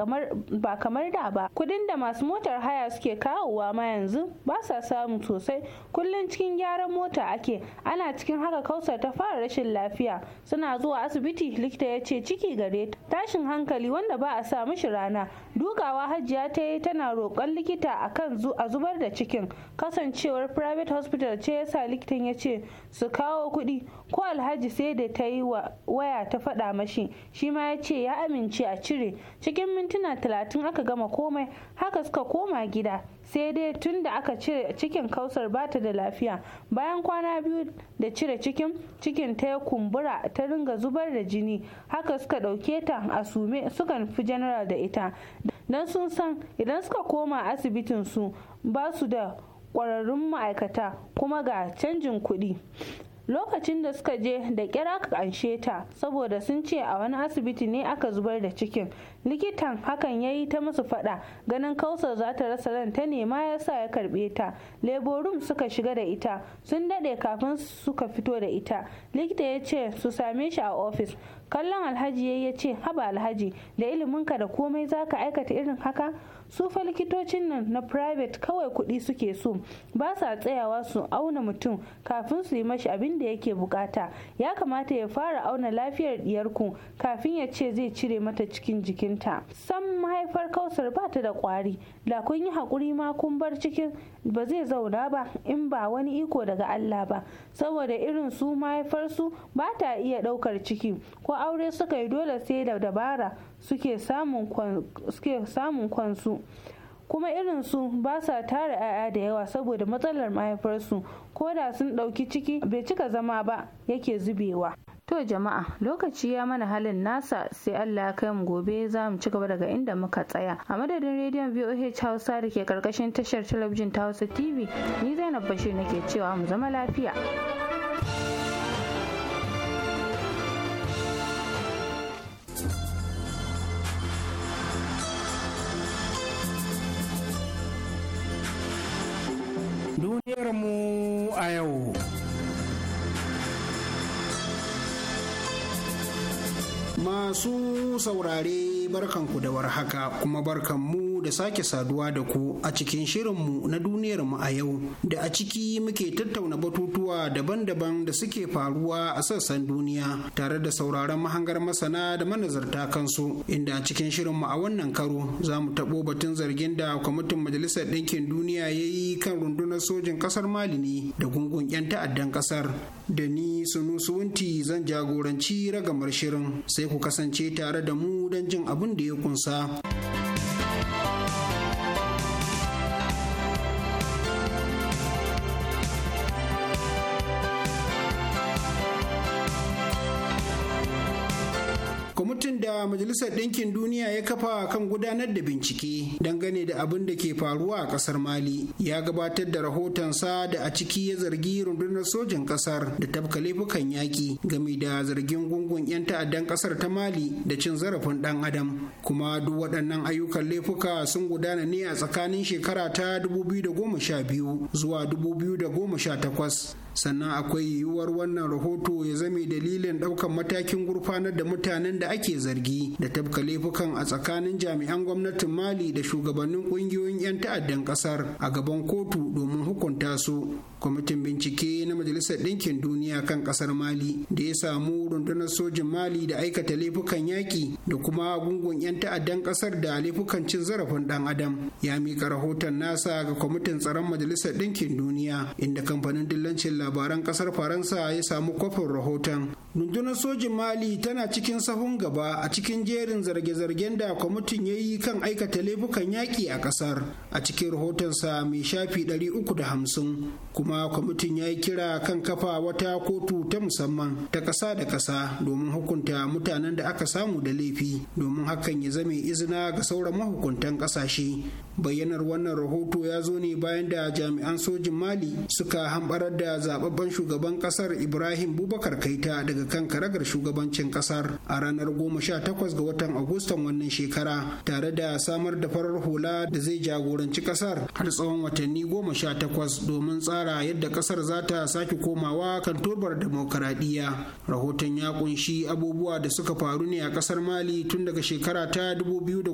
F: kamar da ba kudin da masu motar haya suke kawowa ma yanzu ba sa samu sosai kullum cikin gyaran mota ake ana cikin haka kausar ta fara rashin lafiya suna zuwa asibiti likita ya ce ciki gare ta tashin hankali wanda ba a sa mishi rana dukawa hajiya ta yi tana roƙon likita akan a zubar da cikin kasancewar private hospital ce ya sa likitan ya ce su kawo kuɗi ko alhaji sai da ta yi waya ta faɗa mashi shi ma ya ce ya amince a cire cikin mintuna talatin aka gama komai haka suka koma gida sai dai tun da aka cire cikin kausar bata da lafiya bayan kwana biyu da cire cikin cikin ta ya kumbura ta ringa zubar da jini haka suka ɗauke ta a sume suka nufi general da ita don sun san idan suka koma asibitin su ba su da ƙwararrun ma'aikata kuma ga canjin kuɗi lokacin da suka je da kira aka kanshe ta saboda sun ce a wani asibiti ne aka zubar da cikin likitan hakan ya yi ta musu fada ganin kausar za ta rasa ran ta nema ya sa ya karbe ta leborum suka shiga da ita sun dade kafin suka fito da ita likita ya ce su same shi a ofis kallon alhaji ya ce haba alhaji da iliminka da komai za ka aikata irin haka su fa likitocin nan na private kawai kuɗi suke so ba sa tsayawa su auna mutum kafin su yi mashi abin da yake bukata ya kamata ya fara auna lafiyar diyarku kafin ya ce zai cire mata cikin jikinta san mahaifar kausar ba ta da kwari da kun yi haƙuri ma kun bar cikin ba zai zauna ba in ba wani iko daga Allah ba saboda irin su mahaifarsu ba ta iya ɗaukar ciki ko aure suka yi dole sai da dabara suke samun kwansu kuma irinsu ba sa tara 'ya'ya da yawa saboda matsalar mahaifarsu ko da sun ɗauki ciki bai cika zama ba yake zubewa to jama'a lokaci ya mana halin nasa sai allah ya kai mu gobe za mu ci gaba daga inda muka tsaya a madadin rediyon voh hausa da ke karkashin tashar talabijin ta hausa tv ni zainab bashir nake cewa mu zama lafiya
C: duniyarmu a yau.
E: Masu
A: saurare barkanku da haka kuma barkanmu da sake saduwa da ku a cikin shirinmu na duniyar mu a yau da a ciki muke tattauna batutuwa daban-daban da suke faruwa a sassan duniya tare da sauraron mahangar masana da manazarta kansu inda a cikin shirinmu a wannan karo za mu taɓo batun zargin da kwamitin majalisar ɗinkin duniya ya yi kan rundunar sojin ƙasar mali ne da gungun 'yan ta'addan ƙasar da ni sunusu wunti zan jagoranci ragamar shirin sai ku kasance tare da mu don jin abin da ya kunsa. A majalisar ɗinkin duniya ya kafa kan gudanar da bincike dangane da abin da ke faruwa a ƙasar mali ya gabatar da rahotonsa da a ciki ya zargi rundunar sojin ƙasar da tafka laifukan yaƙi game da zargin gungun 'yan ta'addan ƙasar ta mali da cin zarafin ɗan adam kuma duk waɗannan ayyukan laifuka sun gudana ne a tsakanin shekara ta 2012 zuwa 2018 sannan akwai yiwuwar wannan rahoto ya zame dalilin ɗaukan matakin gurfanar da mutanen da ake zargi da tabka laifukan a tsakanin jami'an gwamnatin mali da shugabannin ƙungiyoyin 'yan ta'addan ƙasar a gaban kotu domin hukunta su kwamitin bincike na majalisar ɗinkin duniya kan ƙasar mali da ya samu rundunar sojin mali da aikata laifukan yaƙi da kuma gungun 'yan ta'addan ƙasar da laifukan cin zarafin ɗan adam ya mika rahoton nasa ga kwamitin tsaron majalisar ɗinkin duniya inda kamfanin dillancin labaran ƙasar faransa ya samu kwafin rahoton rundunar sojin mali tana cikin sahun gaba a cikin jerin zarge-zargen da kwamitin ya yi kan aikata laifukan yaƙi a ƙasar a cikin rahoton sa mai shafi 350 kuma kuma kwamitin ya yi kira kan kafa wata kotu ta musamman ta ƙasa da ƙasa domin hukunta mutanen da aka samu da laifi domin hakan ya zame izina ga sauran mahukuntan ƙasashe bayyanar wannan rahoto ya zo ne bayan da jami'an sojin mali suka hambarar da zababben shugaban kasar ibrahim bubakar kaita daga kan karagar shugabancin kasar a ranar 18 ga watan agustan wannan shekara tare da samar da farar hula da zai jagoranci kasar har tsawon watanni 18 domin tsara yadda kasar za ta sake komawa kan turbar demokaradiyya rahoton ya kunshi abubuwa da suka faru ne a kasar mali tun daga shekara ta 2012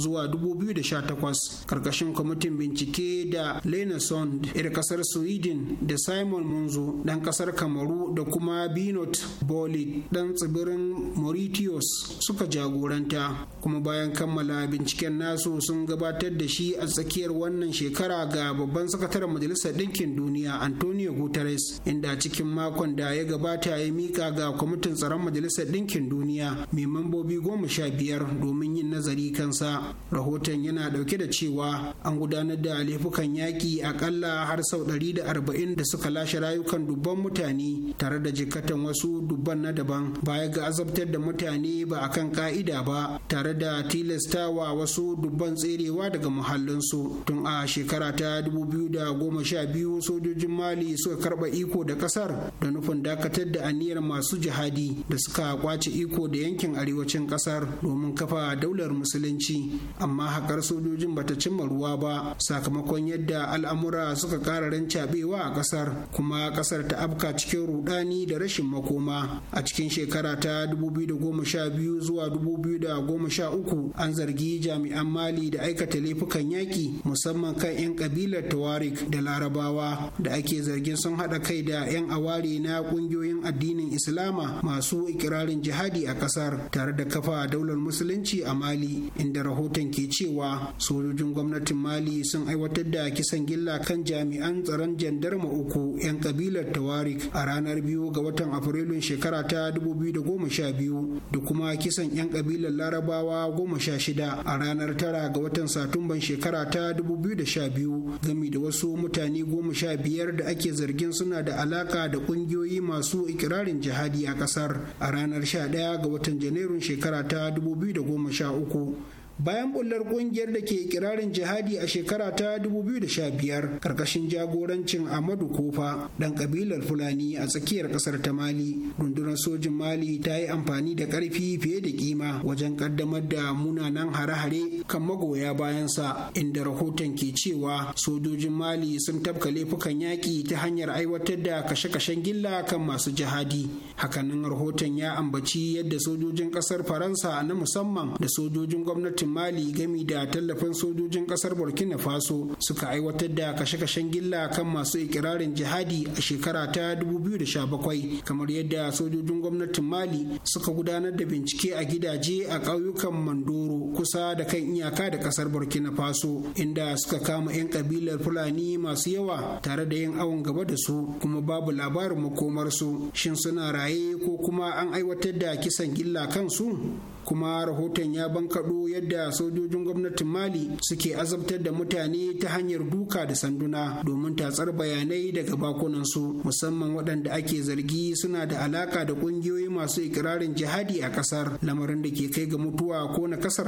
A: zuwa 2018 takwas karkashin kwamitin bincike da lena sond yar kasar sweden da simon munzo dan kasar kamaru da kuma binot boli dan tsibirin mauritius suka jagoranta kuma bayan kammala binciken nasu sun gabatar da shi a tsakiyar wannan shekara ga babban sakataren majalisar ɗinkin duniya antonio guterres inda cikin makon da ya gabata ya mika ga kwamitin tsaron majalisar ɗinkin duniya mai mambobi goma sha biyar domin yin nazari kansa rahoton yana ɗauke dauke da cewa an gudanar da laifukan yaƙi akalla har sau ɗari da arba'in da suka lashe rayukan dubban mutane tare da jikatan wasu dubban na daban baya ga azabtar da mutane ba a kan ka'ida ba tare da tilastawa wasu dubban tserewa daga muhallinsu tun a shekara ta biyu sojojin mali suka karɓa iko da ƙasar da nufin dakatar da aniyar masu jihadi da suka kwace iko da yankin arewacin ƙasar domin kafa daular musulunci amma haƙar sojoji sojojin bata cimma ruwa ba sakamakon yadda al'amura suka kara rancabewa a ƙasar kuma ƙasar ta afka cikin rudani da rashin makoma a cikin shekara ta 2012 zuwa 2013 an zargi jami'an mali da aikata laifukan yaƙi musamman kan 'yan ƙabilar tawarik da larabawa da ake zargin sun haɗa kai da 'yan aware na ƙungiyoyin addinin islama masu ikirarin jihadi a ƙasar tare da kafa daular musulunci a mali inda rahoton ke cewa sojojin gwamnatin mali sun aiwatar da kisan gilla kan jami'an tsaron jandarma uku 'yan kabilar tawarik a ranar biyu ga watan afrilun shekara ta 2012 da kuma kisan 'yan kabilar larabawa goma shida a ranar tara ga watan satumban shekara ta 2012 gami da wasu mutane goma sha biyar da ake zargin suna da alaka da kungiyoyi masu ikirarin jihadi a kasar a ranar 11 ga watan janairun shekara ta 2013 bayan bullar kungiyar da ke kirarin jihadi a shekara ta 2015 karkashin jagorancin amadu kofa dan kabilar fulani a tsakiyar kasar ta mali rundunar sojin mali ta yi amfani da karfi fiye da kima wajen kaddamar da munanan hare-hare kan magoya bayansa inda rahoton ke cewa sojojin mali sun tafka laifukan yaƙi ta hanyar aiwatar da kashe-kashen gilla kan masu jihadi hakanan rahoton ya ambaci yadda sojojin kasar faransa na musamman da sojojin gwamnatin gwamnatin mali gami da tallafin sojojin kasar burkina faso suka aiwatar da kashe-kashen gilla kan masu ikirarin jihadi a shekara ta 2017 kamar yadda sojojin gwamnatin mali suka gudanar da bincike a gidaje a ƙauyukan mandoro kusa da kan iyaka da kasar burkina faso inda suka kama 'yan kabilar fulani masu yawa tare da yin awon gaba da su kuma babu labarin makomarsu shin suna raye ko kuma an aiwatar da kisan gilla kansu kuma rahoton ya bankaɗo yadda sojojin gwamnatin mali suke azabtar da mutane ta hanyar duka da sanduna domin tatsar bayanai daga bakunansu musamman waɗanda ake zargi suna da alaka da ƙungiyoyi masu ikirarin jihadi a ƙasar lamarin da ke kai ga mutuwa ko na kasar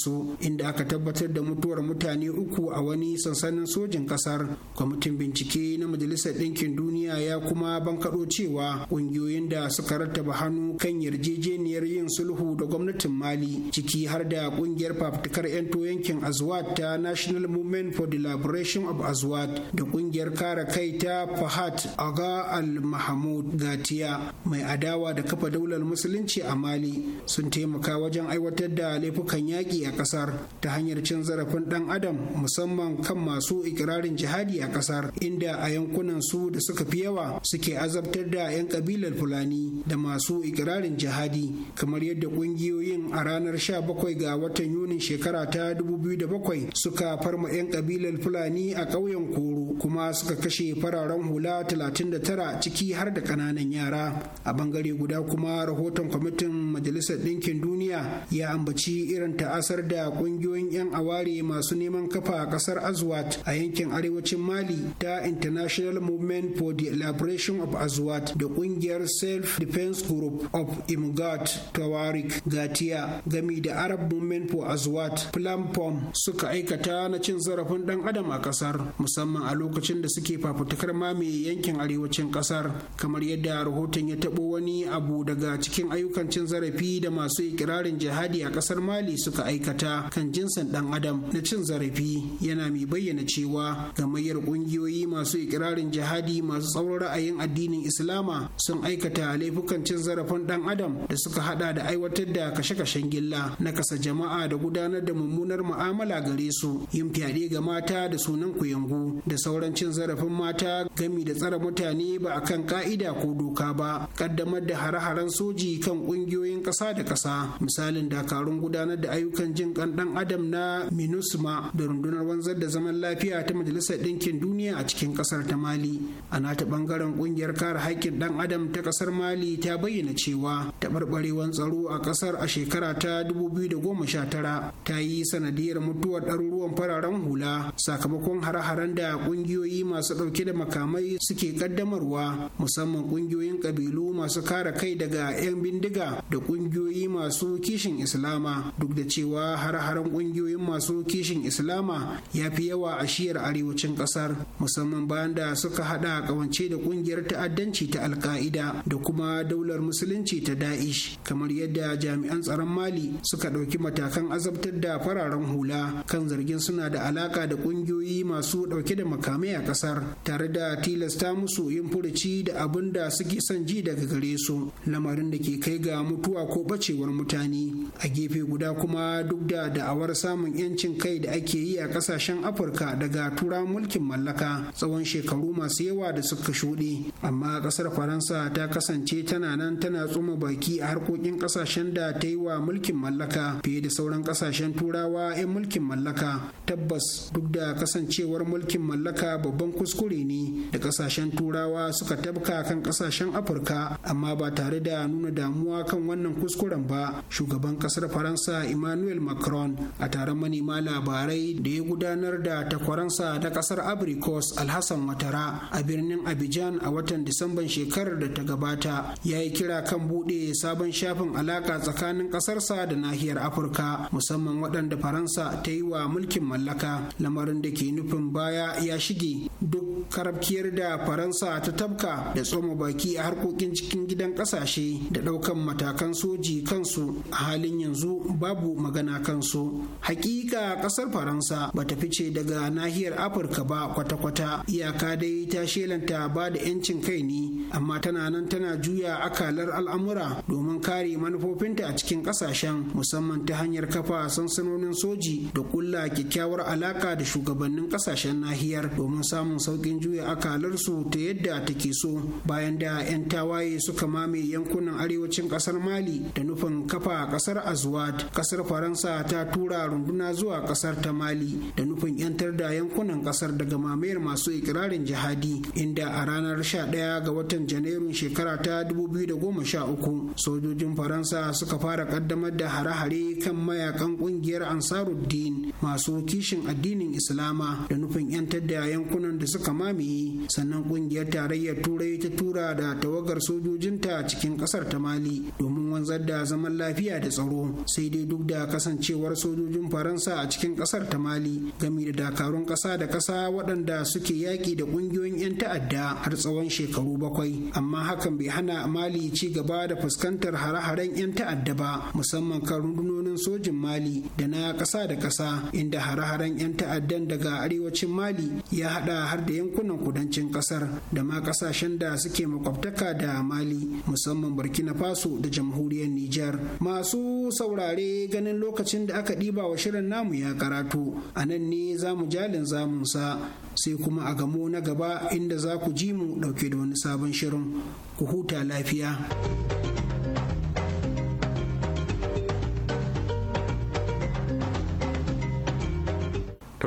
A: su. inda aka tabbatar da mutuwar mutane uku a wani sansanin sojin ƙasar kwamitin bincike na majalisar ɗinkin duniya ya kuma bankaɗo cewa ƙungiyoyin da suka rattaba hannu kan yarjejeniyar yin sulhu da gwamnati gwamnatin mali ciki har da kungiyar fafutukar 'yanto yankin azwat ta national movement for the liberation of azwat da kungiyar kare kai ta Fahad aga al mahmud gatiya mai adawa da kafa daular musulunci a mali sun taimaka wajen aiwatar da laifukan yaƙi a ƙasar ta hanyar cin zarafin ɗan adam musamman kan masu ikirarin jihadi a ƙasar inda a yankunan su da suka fi yawa suke azabtar da 'yan ƙabilar fulani da masu ikirarin jihadi kamar yadda ƙungiyoyi yin a ranar 17 ga watan Yunin shekara ta 2007 suka farma 'yan kabilar Fulani a ƙauyen Koro kuma suka kashe fararen hula 39 ciki har da ƙananan yara. A bangare guda kuma rahoton kwamitin Majalisar Ɗinkin Duniya ya ambaci irin ta'asar da ƙungiyoyin 'yan aware masu neman kafa a ƙasar Azwat a yankin arewacin Mali ta International Movement for the Liberation of Azwat da ƙungiyar Self Defense Group of Imgat Tawarik ga Latiya gami da Arab Movement for Azwat Platform suka aikata na cin zarafin ɗan adam a ƙasar musamman a lokacin da suke fafutukar mamaye yankin arewacin ƙasar kamar yadda rahoton ya taɓo wani abu daga cikin ayyukan cin zarafi da masu ikirarin jihadi a ƙasar Mali suka aikata kan jinsin ɗan adam na cin zarafi yana mai bayyana cewa gamayyar ƙungiyoyi masu ikirarin jihadi masu tsaurin ra'ayin addinin Islama sun aikata laifukan cin zarafin ɗan adam da suka hada da aiwatar da kashe-kashen gilla na kasa jama'a da gudanar da mummunar mu'amala gare su yin fyaɗe ga mata da sunan kuyangu da sauran cin zarafin mata gami da tsare mutane ba a kan ka'ida ko doka ba kaddamar da hare-haren soji kan ƙungiyoyin ƙasa da ƙasa misalin dakarun gudanar da ayyukan jin ƙan ɗan adam na minusma da rundunar wanzar da zaman lafiya ta majalisar ɗinkin duniya a cikin ƙasar ta mali a nata ɓangaren ƙungiyar kare haƙƙin ɗan adam ta ƙasar mali ta bayyana cewa taɓarɓarewan tsaro a ƙasar a shekara ta 2019 ta yi sanadiyar mutuwar ɗaruruwan fararen hula sakamakon hare-haren da ƙungiyoyi masu ɗauke da makamai suke ƙaddamarwa musamman ƙungiyoyin ƙabilu masu kare kai daga 'yan bindiga da ƙungiyoyi masu kishin islama duk da cewa hare-haren ƙungiyoyin masu kishin islama ya fi yawa a shiyar arewacin ƙasar musamman bayan da suka haɗa ƙawance da ƙungiyar ta'addanci ta alka'ida da kuma daular musulunci ta da'ish kamar yadda jami'an jami'an tsaron mali suka ɗauki matakan azabtar da fararen hula kan zargin suna da alaka da ƙungiyoyi masu ɗauke da makamai a ƙasar tare da tilasta musu yin furuci da abin da suke son ji daga gare su lamarin da ke kai ga mutuwa ko bacewar mutane a gefe guda kuma duk da da'awar samun 'yancin kai da ake yi a ƙasashen afirka daga tura mulkin mallaka tsawon shekaru masu yawa da suka shuɗe amma ƙasar faransa ta kasance tana nan tana tsuma baki a harkokin ƙasashen da ta yi wa mulkin mallaka fiye da sauran kasashen turawa 'yan mulkin mallaka tabbas duk da kasancewar mulkin mallaka babban kuskure ne da kasashen turawa suka tabka kan kasashen afirka amma ba tare da nuna damuwa kan wannan kuskuren ba shugaban kasar faransa emmanuel macron a taron manema labarai da ya gudanar da takwaransa na kasar abricos alhassan watara a birnin abidjan a watan disamban shekarar da ta gabata ya yi kira kan buɗe sabon shafin alaka tsakanin tsakanin ƙasarsa da nahiyar afirka musamman waɗanda faransa ta yi wa mulkin mallaka lamarin da ke nufin baya ya shige duk karabkiyar da faransa ta tabka da tsoma baki a harkokin cikin gidan ƙasashe da ɗaukan matakan soji kansu a halin yanzu babu magana kansu hakika ƙasar faransa ba ta fice daga nahiyar afirka ba kwata-kwata iyaka dai ta shelanta ba da 'yancin kai ne amma tana nan tana juya akalar al'amura domin kare manufofinta a cikin kasashen musamman ta hanyar kafa sansanonin soji da kulla kyakkyawar alaka da shugabannin kasashen nahiyar domin samun sauƙin juya akalarsu ta yadda take so bayan da 'yan tawaye suka mame yankunan arewacin kasar mali da nufin kafa kasar azuwad kasar faransa ta tura runduna zuwa kasar ta mali da nufin 'yantar da yankunan kasar daga mamayar masu ikirarin jihadi inda a ranar sha 11 ga watan janairun shekara ta 2013 sojojin faransa suka fara fara kaddamar da hare-hare kan mayakan kungiyar ansaruddin masu kishin addinin islama da nufin 'yantar da yankunan da suka mamaye sannan kungiyar tarayyar turai ta tura da tawagar sojojinta cikin kasar ta mali domin wanzar da zaman lafiya da tsaro sai dai duk da kasancewar sojojin faransa a cikin kasar ta mali gami da dakarun kasa da kasa waɗanda suke yaƙi da ƙungiyoyin 'yan ta'adda har tsawon shekaru bakwai amma hakan bai hana mali ci gaba da fuskantar hare-haren 'yan ta'adda ba ba musamman kan rundunonin sojin mali da na kasa da kasa inda hare-haren 'yan ta'addan daga arewacin mali ya hada har da yankunan kudancin kasar da ma ƙasashen da suke makwabtaka da mali musamman burkina faso da jamhuriyar nijar masu saurare ganin lokacin da aka ɗiba wa shirin namu ya karatu a nan ne za mu jalin zamunsa sai kuma a gamo na gaba inda za ku ji mu ɗauke da wani sabon shirin ku huta lafiya.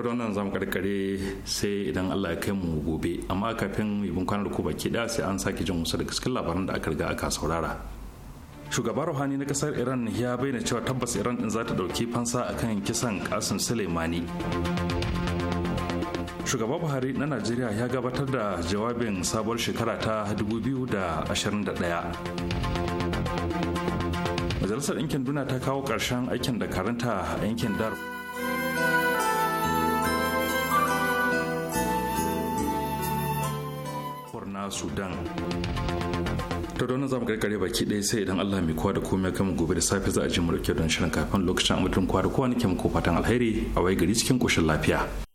C: to nan wannan zamu karkare sai idan Allah ya kai mu gobe amma kafin yi bin kwanar ku baki da sai an sake jin wasu daga cikin labaran da aka riga aka saurara shugaba ruhani na kasar iran ya bayyana cewa tabbas iran din za ta dauki fansa akan kisan Qasim suleimani shugaba buhari na najeriya ya gabatar da jawabin sabuwar shekara ta 2021 majalisar Yankin duna ta kawo ƙarshen aikin da karanta a yankin Darfur. sudan ta donin zamu karkare baki ɗaya sai idan allah mai kowa da komai kama gobe da safe za a ji mu dauke don shirin kafin lokacin amurkin kowa da kowa nake muku fatan alheri a wai gari cikin koshin lafiya